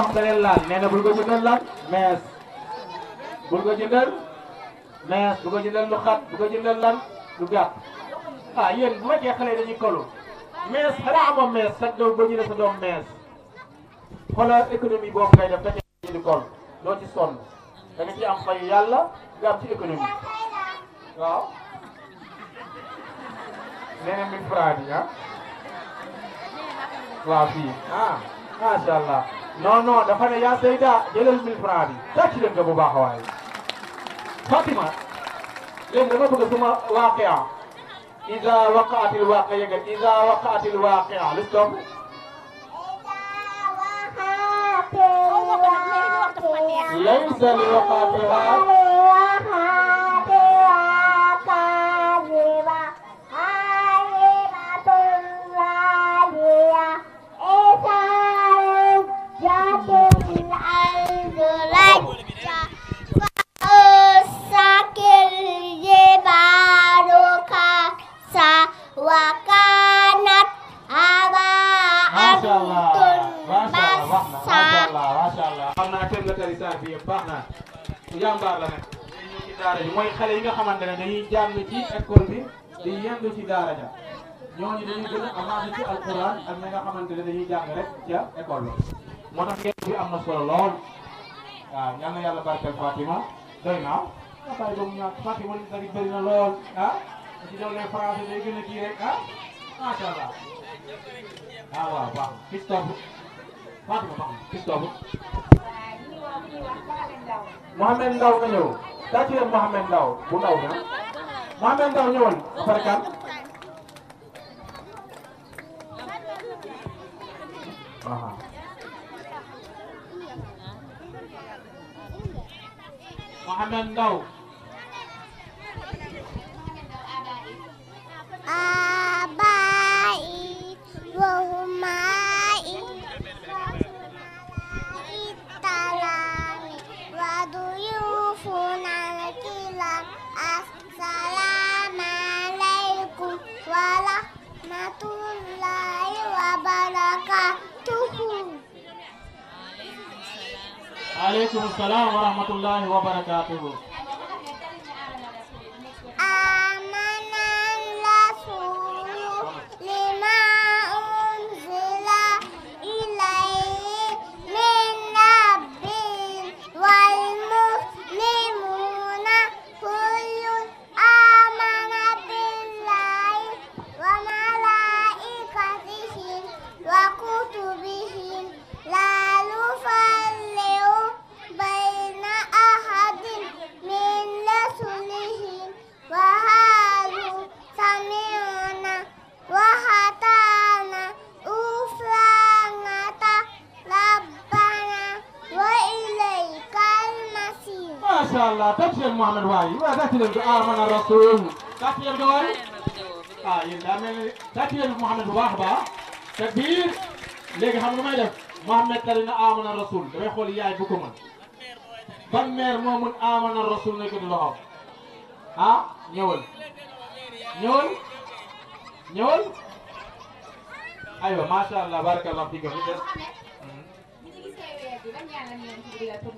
wax da leen laal nee na lan mees bul ko jëndal mees bu ko jëndal lu xat bu ko jëndal lan lu gàtt ah yéen bu fekkee xale dañuy kolu mees xanaa amoo mees sax doo ba ñu ne sa doom mees xoolal économie boobu ngay def da cee jënd kol doo ci sonn da ci am fay yàlla nga am ci économie waaw nee na mille francs bi ah waaw fii ah, non non dafa ne yaa Seyda jëlal 1000F bi sàcc leen nga bu baax waay Fatima léegi dama bëgg suma waaqia iza waqaatil waaqia yëgal iza waqaatil waaqia lu topp laysa li waqaatiha thème la tari tarbiya baax naa jàmbaar la nag dañu ci daara ji mooy xale yi nga xamante ne dañuy jàng ci école bi di yendu ci daara ja ñooñu dañuy gën a avancé ci alquran ak ñi nga xamante ne dañuy jàng rek ca école la moo tax yenn bi am na solo lool waaw ñaan na yàlla barkeel Fatima doy naa waaye boobu ñaar Fatima li na lool ah ci doon a kii rek ah macha allah ah waaw baax na Christophe Fatima baax na Mouhamed Ndaw nga ñëw daa ci bu ndaw bi ah Mouhamed Ndaw ñëwal Farkan waaw Mouhamed Ndaw Abai wa umai وضيوفنا الكرام السلام عليكم ورحمة الله وبركاته عليكم السلام ورحمة الله وبركاته آمن الرسول لما macha allah tàcc leen Mouhamed waaye waaye tàcc leen ko amana rasul tàcc leen ko waaye ah yéen daa mel ni tàcc leen Mouhamed bu baax a baax takbir léegi xam nga may def Mouhamed tari na amana rasul damay xool yaay bu ko mën ban meer moo mën amana nekk di loxo ah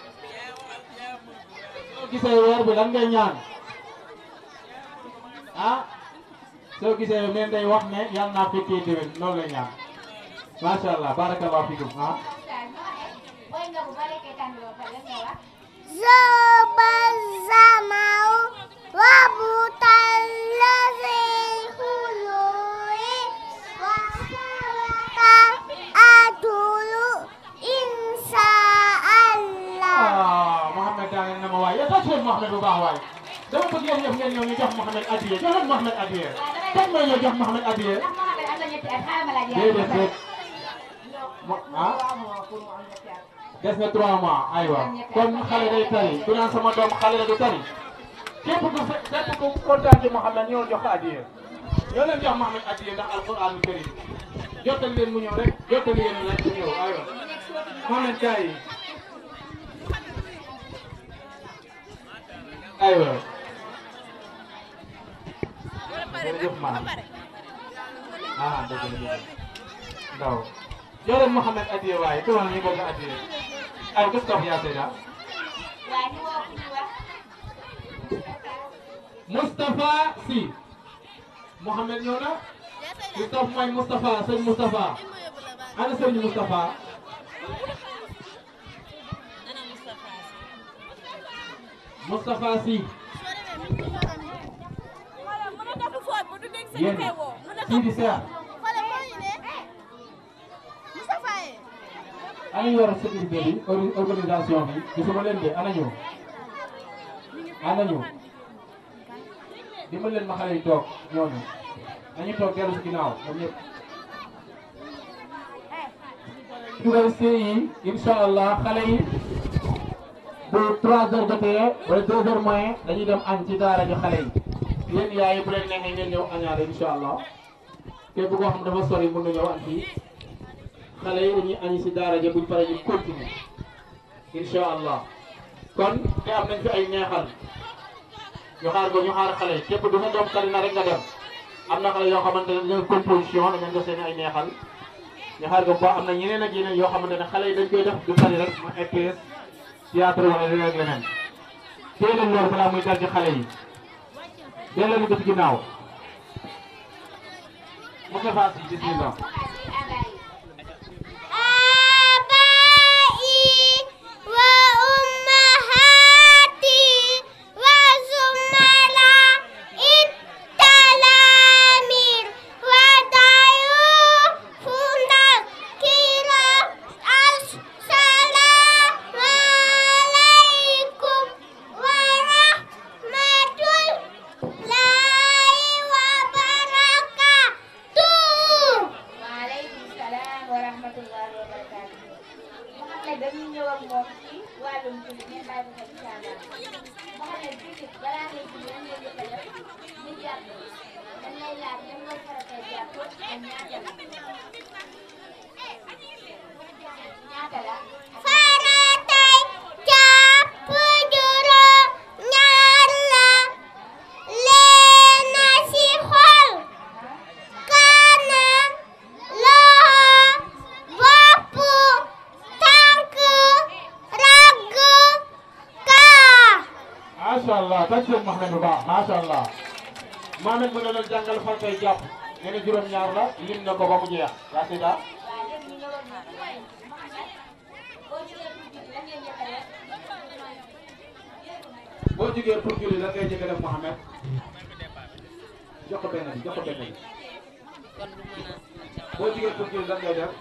gisee weer bi lan ngay ñaan ah soo gisee neen day wax ne yàlla naa fekkee déwén loolu la ñaan macha allah barakallahu fikum ah. Inside. ah Mouhamed daaneel na ma waay yow tas leen Mouhamed bu baax waay dama bëgg yéen ñëpp ngeen ñëw ñu jox Mouhamed addiya joxoon Mouhamed addiya. Ah, kan mooy ñëw jox Mouhamed addiya. déedéet déet. ah. des na 3 mois aywa kon xale day tari ku naan sama doom xale la du tari. képp ku képp ku kontaan ci Mouhamed ñoo jox ko addiya ñoo leen jox Mouhamed addiya ndax alquran karim jottali leen mu ñëw rek jottali leen rek mu ñëw aywa Mouhamed kaay aywa jërëjëf maam ah dëgg la dëgg ndaw joxe Mouhamed adiya waaye tural Moustapha Sy. yéen Sidi Sarr. ana ñu yor sécurité bi organisation bi gisuma leen de ana ñu. ana ñu. dimbali leen ma xale yi toog ñooñu. nañu toog dellu si ginnaaw ñoom ñëpp. Eh. dugal bu 3 heures jotee wala 2 dañuy dem añ ci daara ju xale yi yéen yaay yi bu leen neexee koo xam dafa sori mën na ñëw añ fii xale yi dañuy añ si daara ja buñ paree ñu continuer incha allah nañ ay neexal ñu xaar ko ñu xaar xale yi képp du ma doom tari na rek nga dem am na xale yoo xamante ne ñooy composition dañu def seen ay neexal ñu xaar ko boo am na ñeneen ak yeneen yoo xamante ne xale yi dañ koy def du tari rek théâtre wala leneen ak leneen teel a loolu balaa muy dal ci xale yi delloo ñu ko ci ginnaaw Moustapha Sy 18 ans lim na ko ba mu jeex yaa ngi dégg boo jugee pour julli lan ngay njëkk a def Mouhamed jox ko benn bi jox ko benn bi boo jugee pour julli lan ngay def.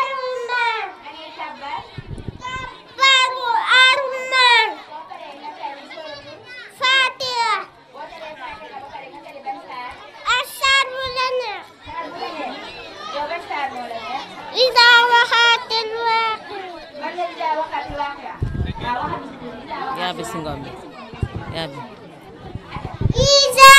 Allahumma barik إذا وقعت الواقعة يا بسنغامي يا بي إذا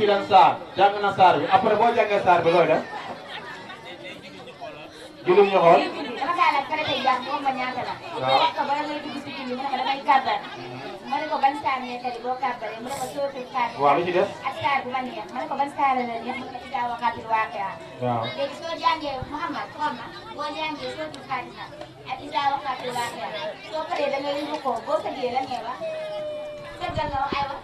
kii lan saar jàng na saar bi après boo jàngee saar bi looy def. julum ñu xool. waaw. ma ne ko ban saar nekkali boo kàbbaree ma ne ko sootul fàtte. waaw lu ci def. ak saar bu ma neex ma ne ko ban saar la la neex ma ne ko ci daaw waxaatul waaqia. waaw léegi soo jàngee Mouhamad xool ma boo jàngee sootul fàtte na ak ci daaw waxaatul waaqia soo paree da nga yëngu ko boo tëjee la ngay wax tëggal nga wax ay wax.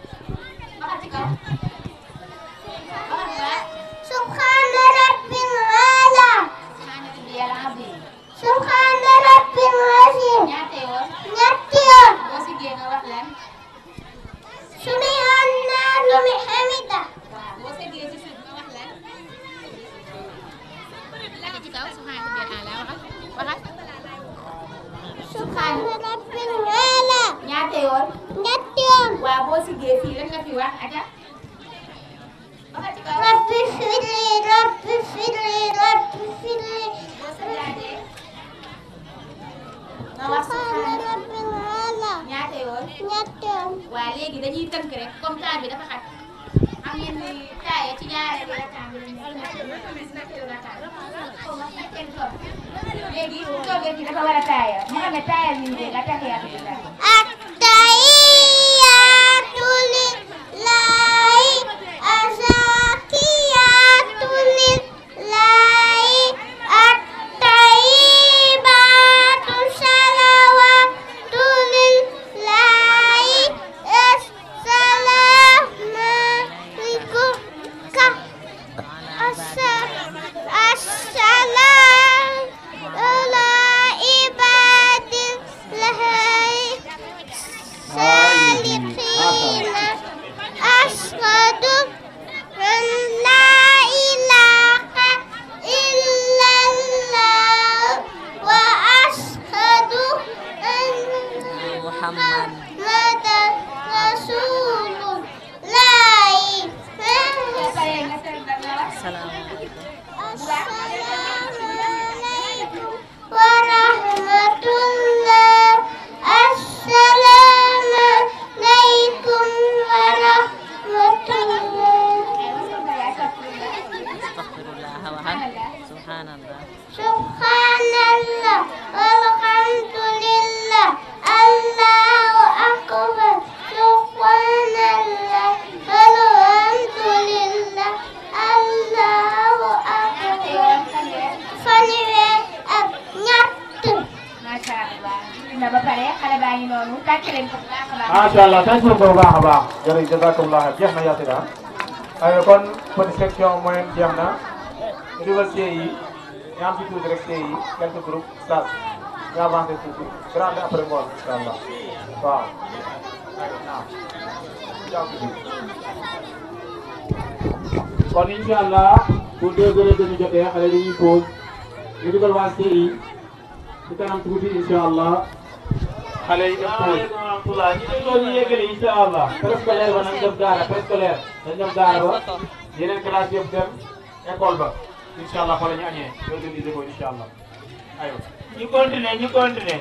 bu baax a baax jërëjëf jazakumullah jeex na yaasi daal aywa ah. euh, kon petite section moyenne jeex na rival CI yi ña am ci tuuti rek CI yi quelques groupes stage ñu avancé tuuti grande après ngoon incha allah waaw kon incha allah bu deux heures demi jotee xale dañuy pause ñu dugal waa CI yi ci kanam tuuti incha allah xale yi dem pool alhamdulilah ñu ne loolu yéegale incha allah préscolaire ba nañ dem daara préscolaire dañ dem daara ba yeneen classe yëpp dem école ba incha allah fa la ñu añee organiser ko incha allah aywa ñu continuer ñu continuer ñu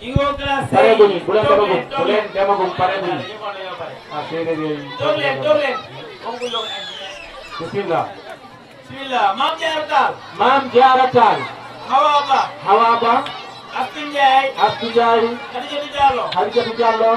ngi woo classe pareeguñu bu leen demagum bu leen demagum pareeguñu ah séeréer yooyu toog leen toog leen moom bu jóg bismillah bismillah maam jaara taal maam jaara taal hawa ba hawa ba Astou Ndiaye. Astou Ndiaye. Khadijatou Diallo. Khadijatou Diallo.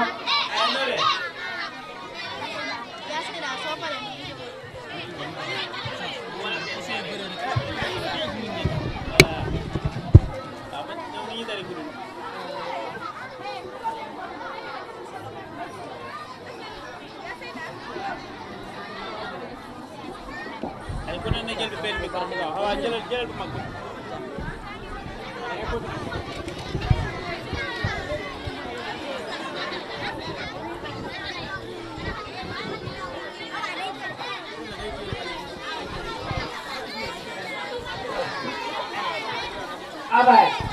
Ay, ko na na jël benn bi ko xam nga waaw jëlal jëlal bu mag Arbeit.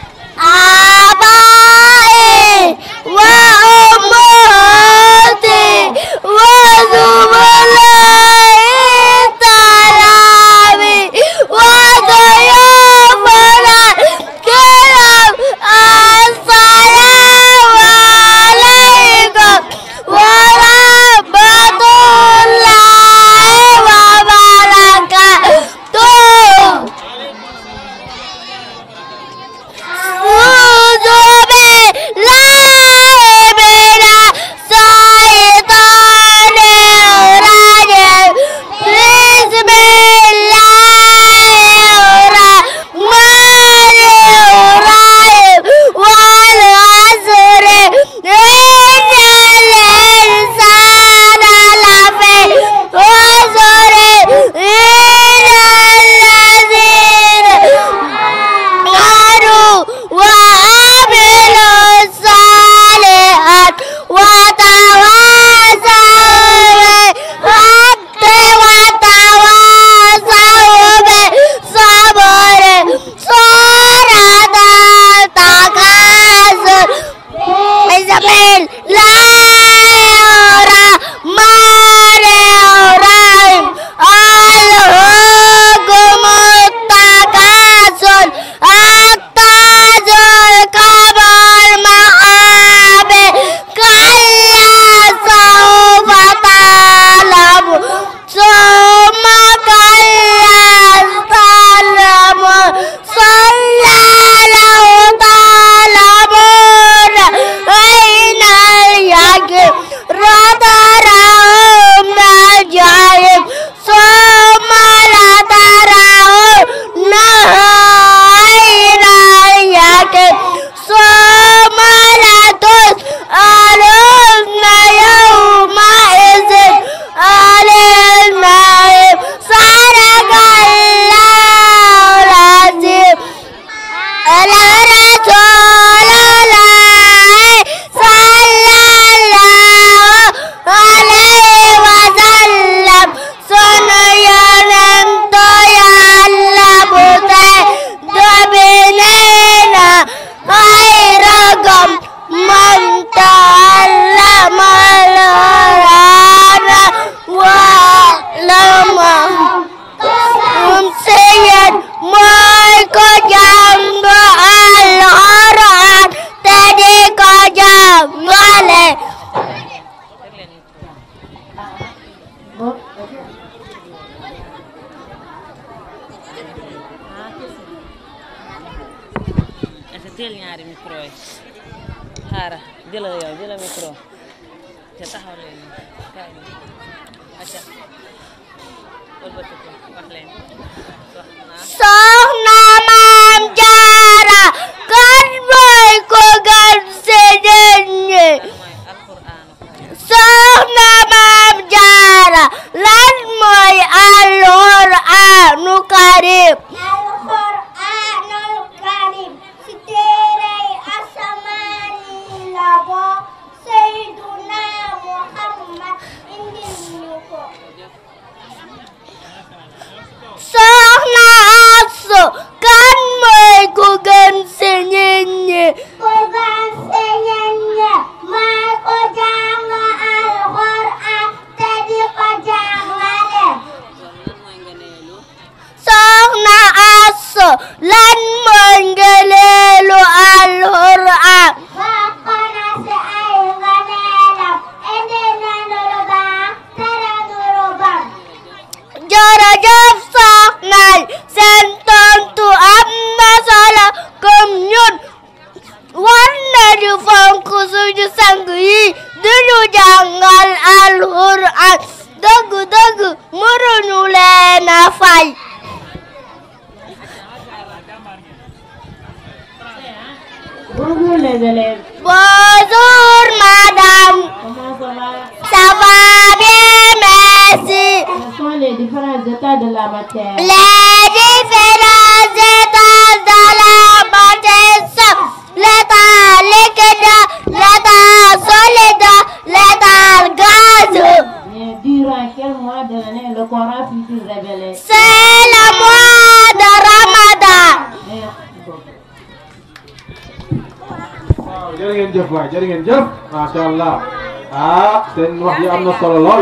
jërë jëf macha allah ah wax yi am na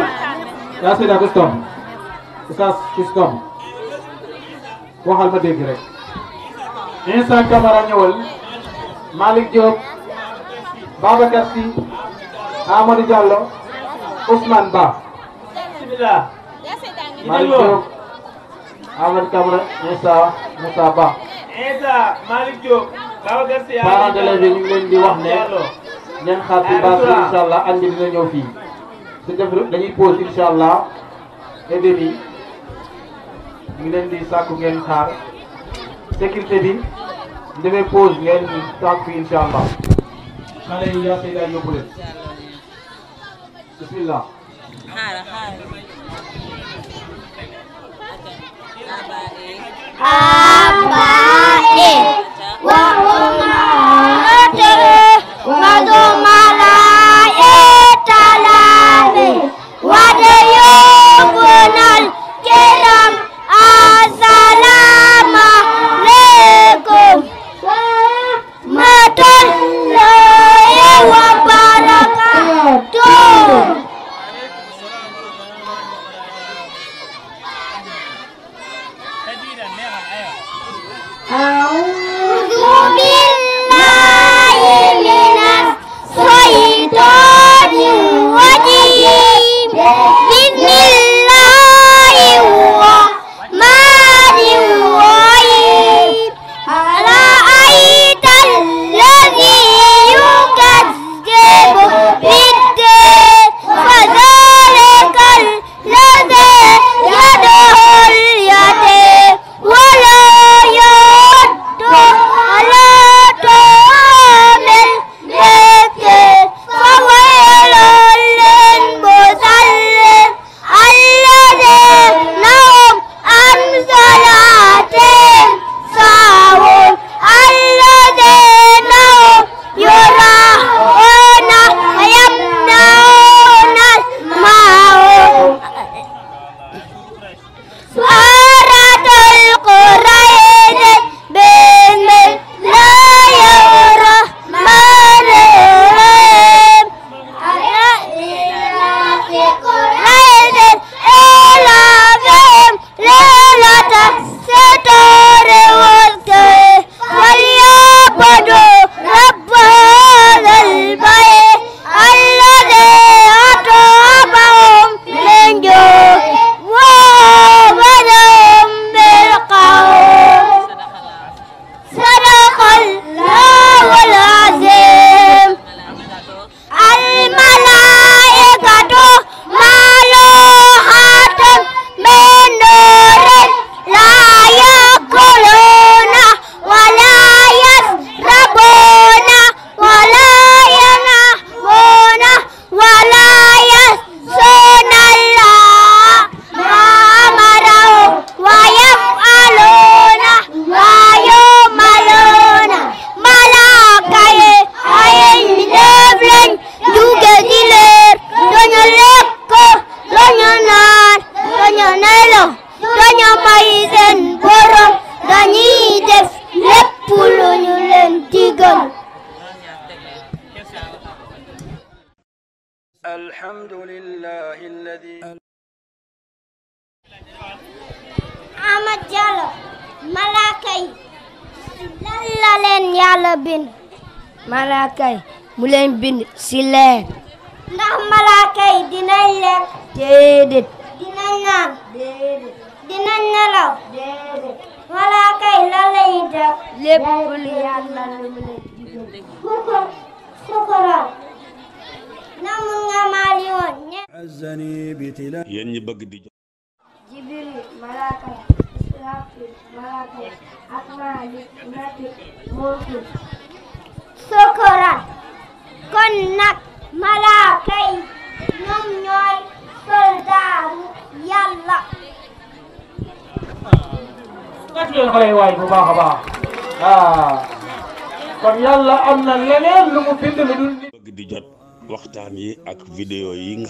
yaa sëñ Agus Tom Oustaz Tom waxal ma dégg rek. Insa Camara ñëwal Malick Diop Babacar Sy Amadou Diallo Ousmane Ba. bismillah. Malick Diop Amadou Camara Insa Moussa Ba. Insa Malick Diop Babacar Sy Amadou Diallo parents neen xaar ci bâche bi incha allah andi dina ñëw fii su def dañuy pause incha allah et ngi leen di sàkku ngeen xaar sécurité bi demee pause ngeen sàkku incha allah yi yaa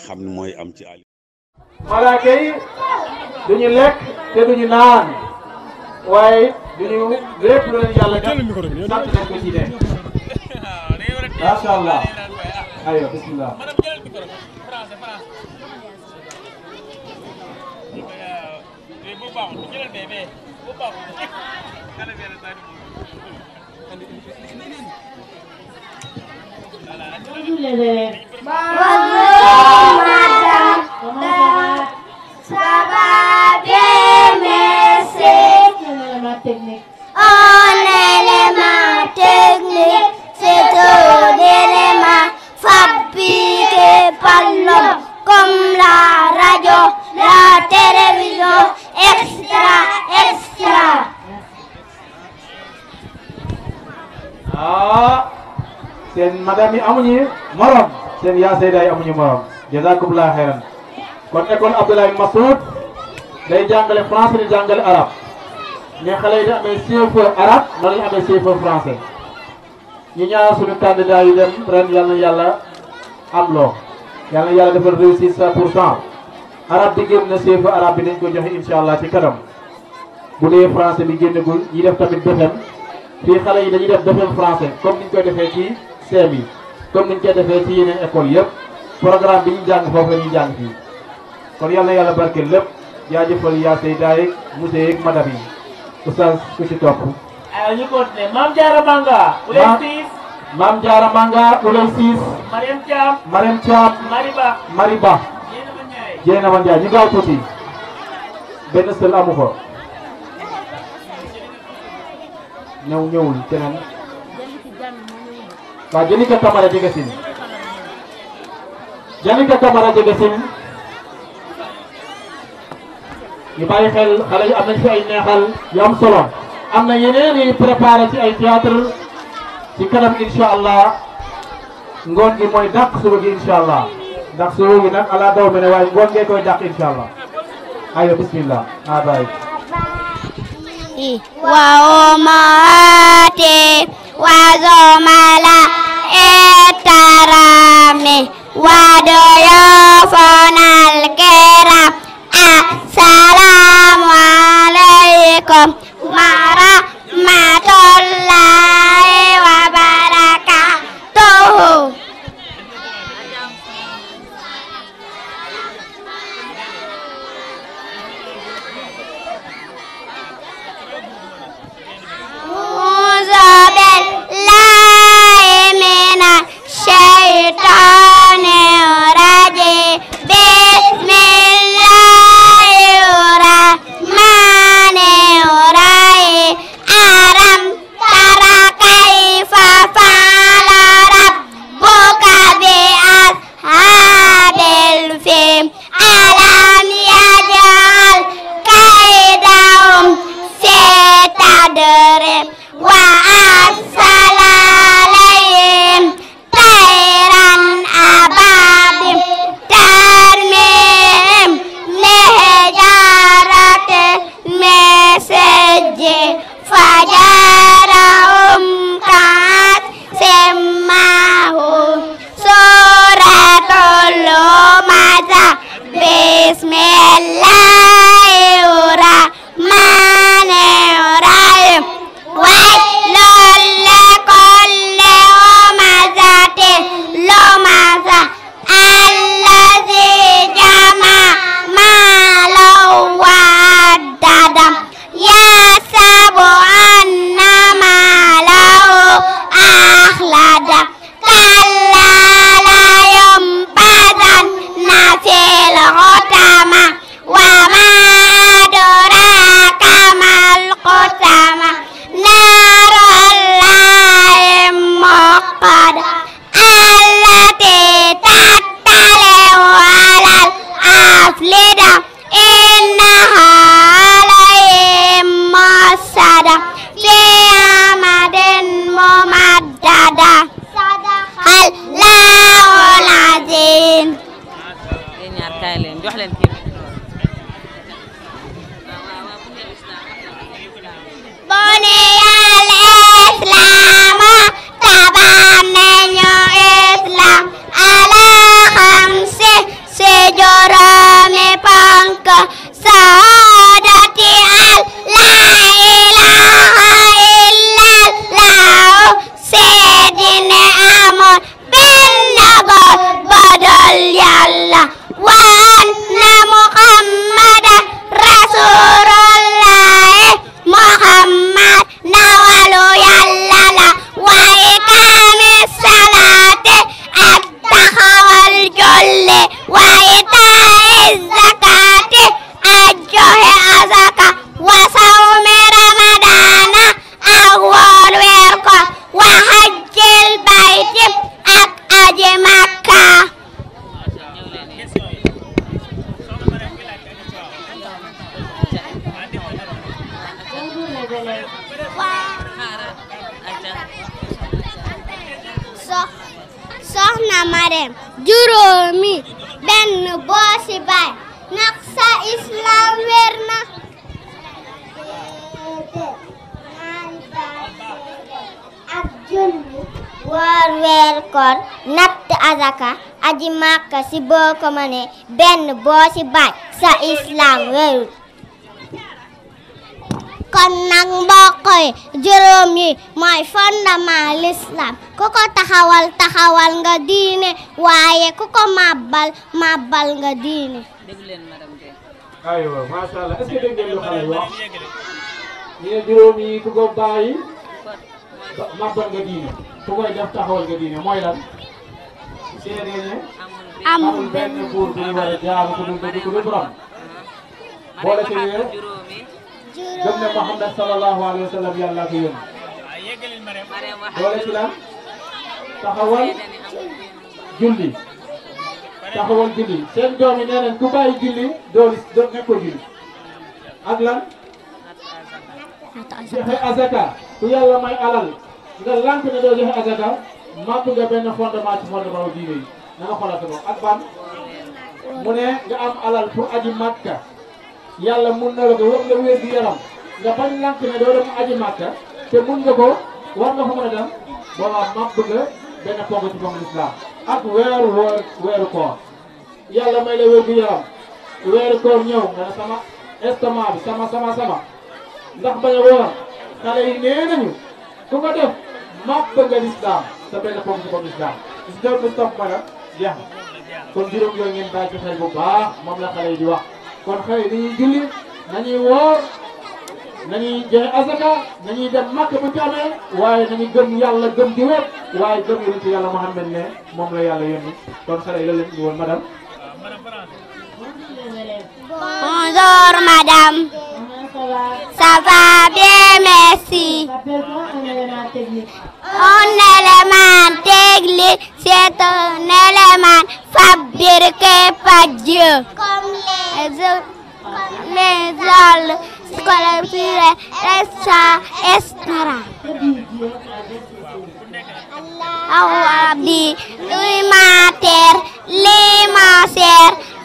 xam ne mooy am ci àll malaaka yi duñu lekk te duñu naan waaye duñu lépp lu leen yàlla def sant nañ ko ci dee macha allah ayo bismillah <laughs> amuñu morom seen yaa Seyda yi amuñu morom jazakumullah xeyran kon école Abdoulaye Massoud day jàngale français di jàngale arabe ne xale yi di amee CFEE arabe noonu la ñu amee CFEE français ñu ñaar suñu candidat yi dem ren yàlla am loo yal na yàlla defal réussir 100 pour cent arabe bi génn na CFEE arabe bi dañ ko joxe incha allah ci kanam bu dee français bi génnagul ñi def tamit BFEM fii xale yi dañuy def BFEM français comme ni ñu koy defee ci CM yi. comme niñ koy defee ci yeneen école yëpp programme bi ñu jàng foofu la ñuy jàng fii kon yal na yàlla barkeel lépp yaa say daayeg monsieur yeeg madame ku ci topp a ah, ñu continuer Mame Diarra Manga ulay siis Mame Diarra siis Mariam Thiam Mariam Thiam Mariba Mariba Dieynaba benn sël amu fa ñëw ñëwul keneen waaw Jalika a jege si Jalika Kamara jege si ñu bàyyi xel xale yi am nañ ay neexal yu am solo am na yeneen yu ci ay théâtre ci kanam incha allah ngoon gi mooy dàq suba gi incha allah ndax waaye ngoon koy dàq incha allah ayo bismillah a baay wa o wazomala etarame wadoyo fonal keram assalamu alaikum warahmatullahi seytaane soxna Marème juróomi benn boo ci baay ndax sa islam wér na ak julli woor weer koor natt azaka aji màkka ci boo ko mënee benn boo ci baay sa islam wérul kon nag mbokk yi juróom yi mooy fondement l'islam ku ko taxawal taxawal nga diine waaye ku ko màbbal màbbal nga diine. ku koy def taxawal nga diine mooy lan. amul benn buur bu war a jaamu ku dul borom ah. boole ci gëm ne Muhammad sallallahu alayhi wa sallam yàlla ko yónni doole ci julli taxawal julli seen doom yi ku bàyyi julli dooli nekko julli ak lan joxe azaka ku yàlla may alal nga lànk ne doo joxe azaka màpp nga benn fondement ci fondement diine yi na nga xoolal ak ban mu ne nga am alal pour aji Makka yàlla mun na la ko war nga wér gu yaram nga bañ lànk ne doo dem aji màkka te mun nga ko war nga fa mën a dem boobaa ma bëgg benn ponk ci ponk lislaam ak weeru weeru koor yàlla may la wér gu yaram weeru koor ñëw nga ne sama estomac bi sama sama sama ndax bañ a woor xale yi nee nañu ku ko def ma bëgg lislaam sa benn ponk ci ponk lislaam si def bu topp mën a jeex kon juróom yooyu ngeen bàyyi ci xel bu baax moom la xale yi di wax kon xëy dañuy julli nañuy woor nañuy joxe asaka nañuy dem màkk bu ci amee waaye nañu gëm yàlla gëm di waaye gëm yonent yàlla Muhammad ne moom la yàlla yónni kon xale yi la leen di woon madame. bonjour ça va bien, merci. un élément technique. Un un élément fabriqué par Dieu. Comme les, comme les autres sculptures, etc.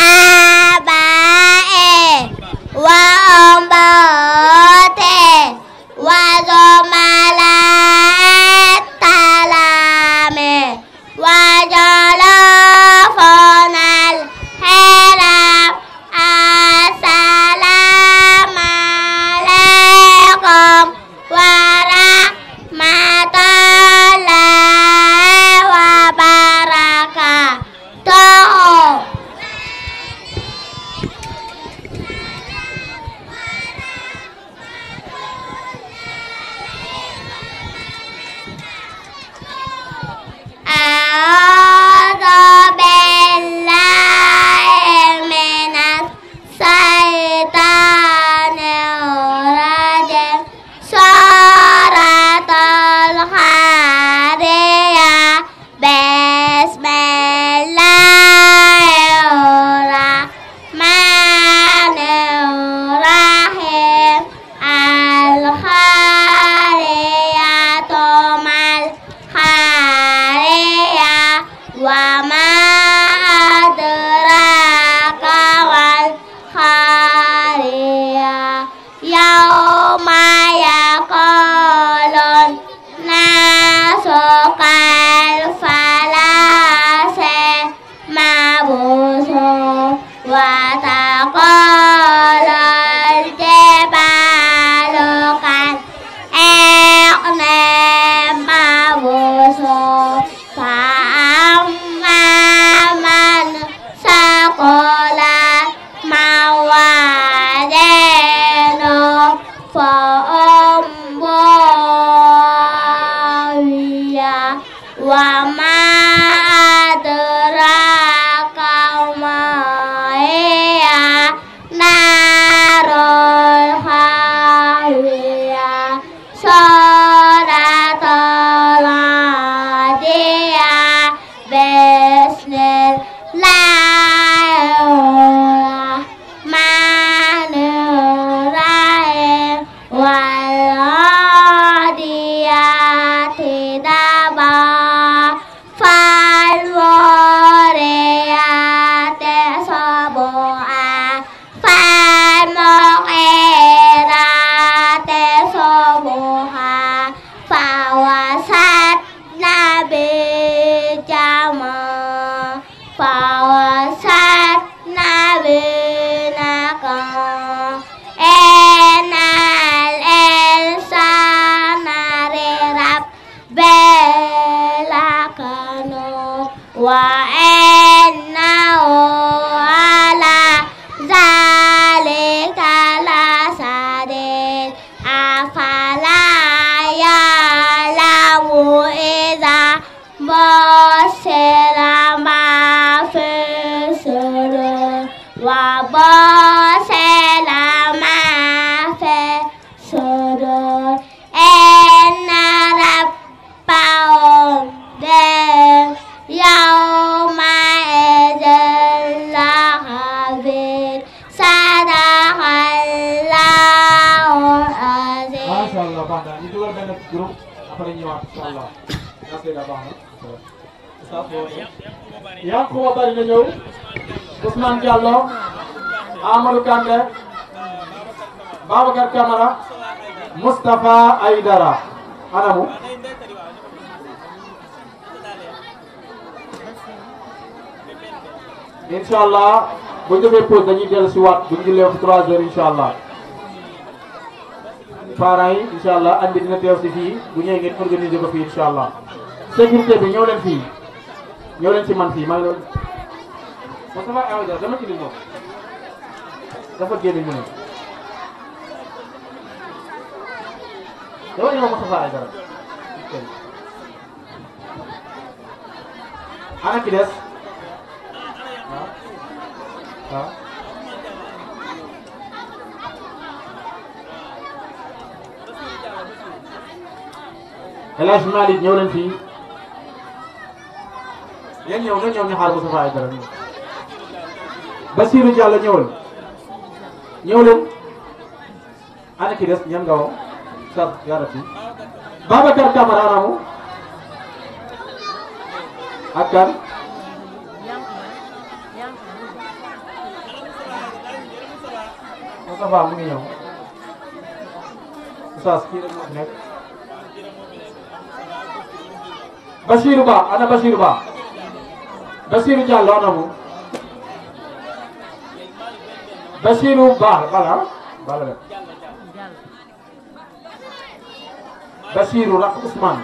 آبائه وأمهاته وزمائه Diallo Amadou Kande Babacar Camara Moustapha Aydara anamu incha allah bu ñu dañuy dellu si waat bu ñu trois heures incha allah yi incha allah añ dina teew si fii bu ñëwee ngeen organiser ko fii incha allah bi ñëw leen fii ñëw leen si man fii Moustapha Awa Dia dama indi moom dafa génn mu dama indi moom ñëw nañ ah. ah. fii yéen ñëw Bassirou Diallo ñëwal ñëw leen ana ki des ñan nga woo sa yarati Babacar Camara anamu ak kan Moustapha mu ngi ñëw Oustaz kii rek moo fi nekk Bassirou Ba ana Bassirou Ba Bassirou Diallo anamu Basiru Baar bala ah, bala ah. la Basiru rakk Ousmane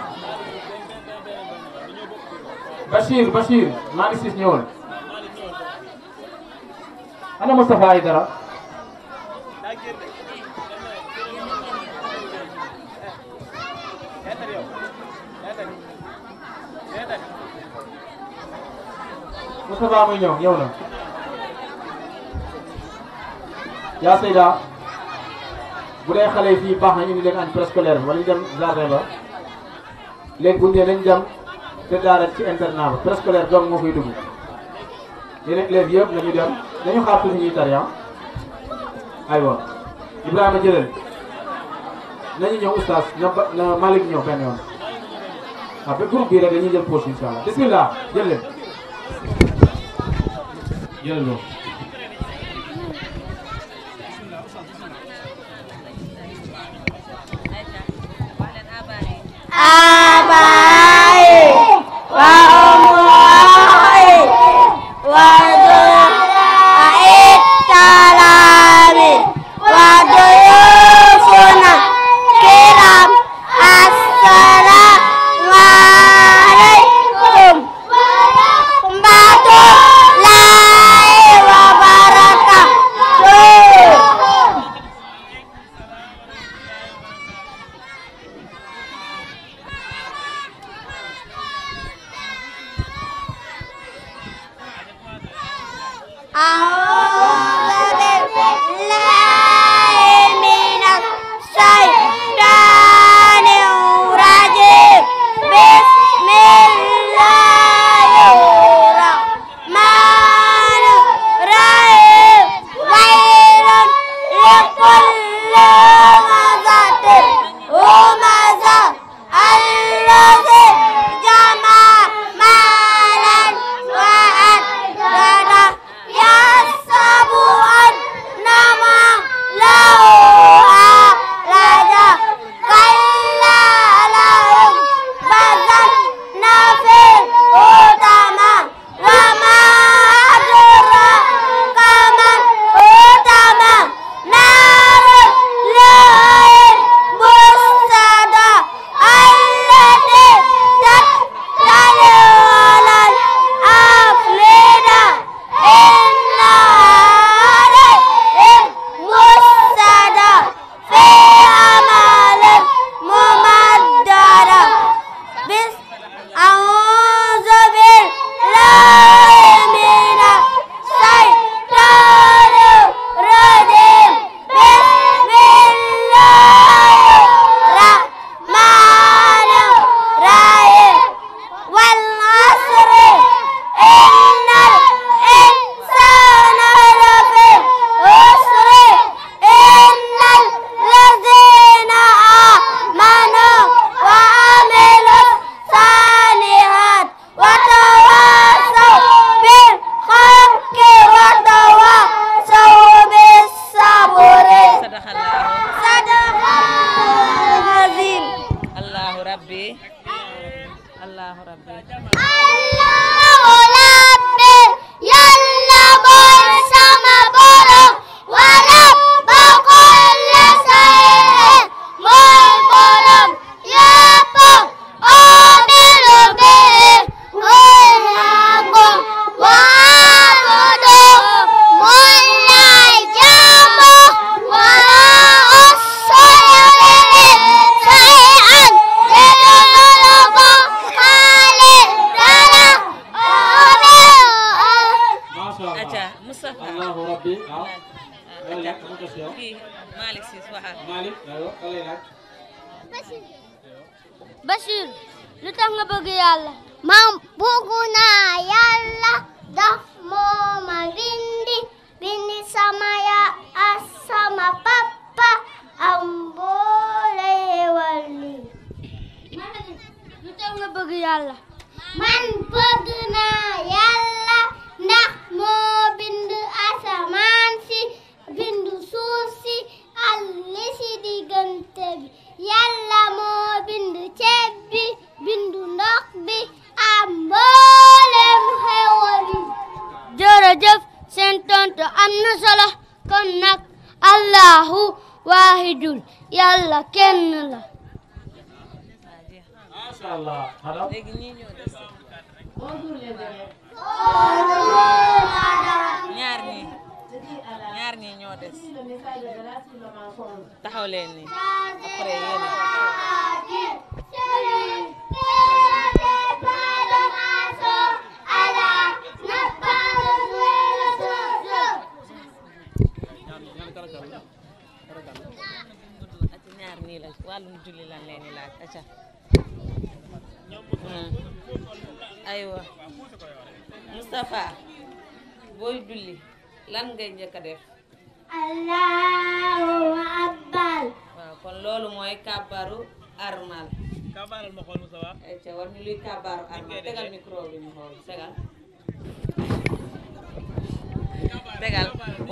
Basir Basir Malick Ciss ñëwal ana Moustapha Aïdara Moustapha muy ñëw ñëw na yaa Seyda bu dee xale fii baax na ñu ngi leen añ préscolaire bi wala ñu dem jardin ba léegi bu ñu dem te daara ci internat ba préscolaire doom moo koy dugg yeneen élèves yëpp nañu dem nañu xaar tuuti ñuy tari ah. aywa Ibrahima jëlal nañu ñëw oustaz na ba na Malick ñëw benn yoon waaw ba groupe dañuy jël pause incha allah bismillah jël leen jëlal abai wa umu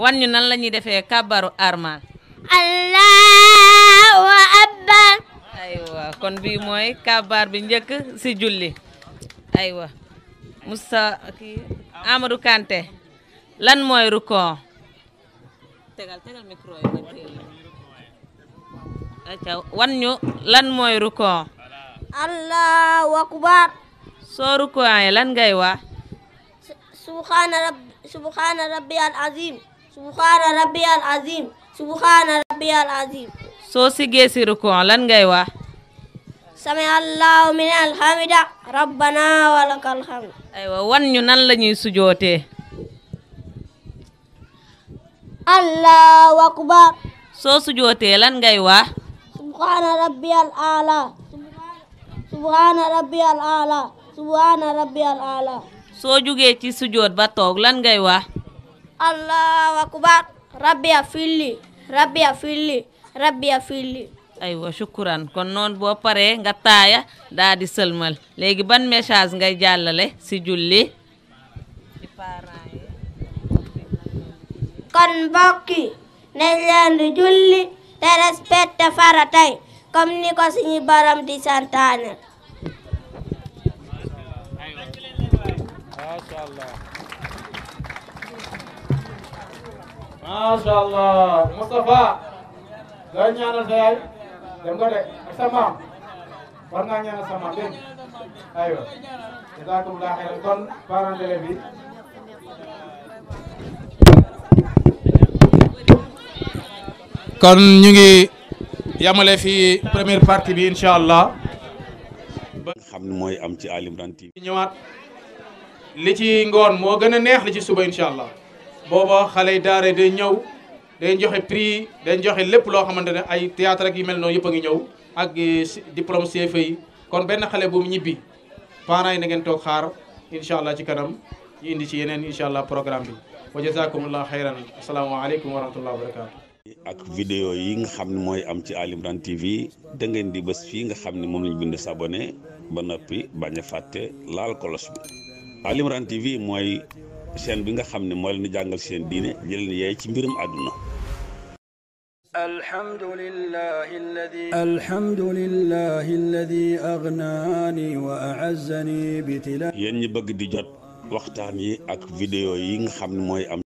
wan ñu nan lañuy defee kabaru armal allahu akbar kon bii mooy kabar bi njëkk si julli aywa Moussa kii Amadou lan mooy rukoo wan ñu lan mooy rukoo allahu akbar soo rukoo lan ngay wax subhaana rabbi subhaana rabbi al azim subhaana rabbiyal azim subhaana rabbiyal azim soo siggee si lan ngay wax nan la sujootee allahu akbar soo sujootee lan ngay wax subhaana ci sujoot ba toog lan ngay wax allahu akbar rabbi afilli rabbi afilli rabbi afilli aywa shukran kon noonu boo paree nga taaya daa di sëlmal léegi ban message ngay jàllale si julli kon mbokki ne leen julli te respecte faratay comme ni ko suñu borom di santaane macha allah Moustapha. nga ñaanal sa yaay de ak sa maam war ngaa ñaanal sa maam dégg nga aywa kon parents d'élèves bi kon ñu ngi yamale fi première partie bi incha allah. ba xam ne mooy am ci Ali Imran li ci ngoon moo gën a neex li ci suba incha allah. booba xale yi daara day ñëw day joxe prix day joxe lépp loo xamante ne ay théâtre ak yu mel noonu yëpp a ngi ñëw ak eh, diplôme CFEE yi kon benn xale bu mu ñibbi parents yi na ngeen toog xaar incha allah ci kanam ñu indi ci yeneen incha allah programme bi wa jazakumullah xayran asalaamaaleykum wa rahmatullah wa barakatu ak vidéo yi nga xam ne mooy am ci Ali Imran TV di bés fii nga xam ni moom lañ bind sabone ba noppi bañ a fàtte laal kolos bi mooy chaîne bi nga xam ne moo leen jàngal seen diine di leen yee ci mbirum àdduna الحمد لله الذي الحمد لله الذي أغناني وأعزني بتلا yéen ñi bëgg di jot waxtaan yi ak vidéo yi nga xam ne mooy am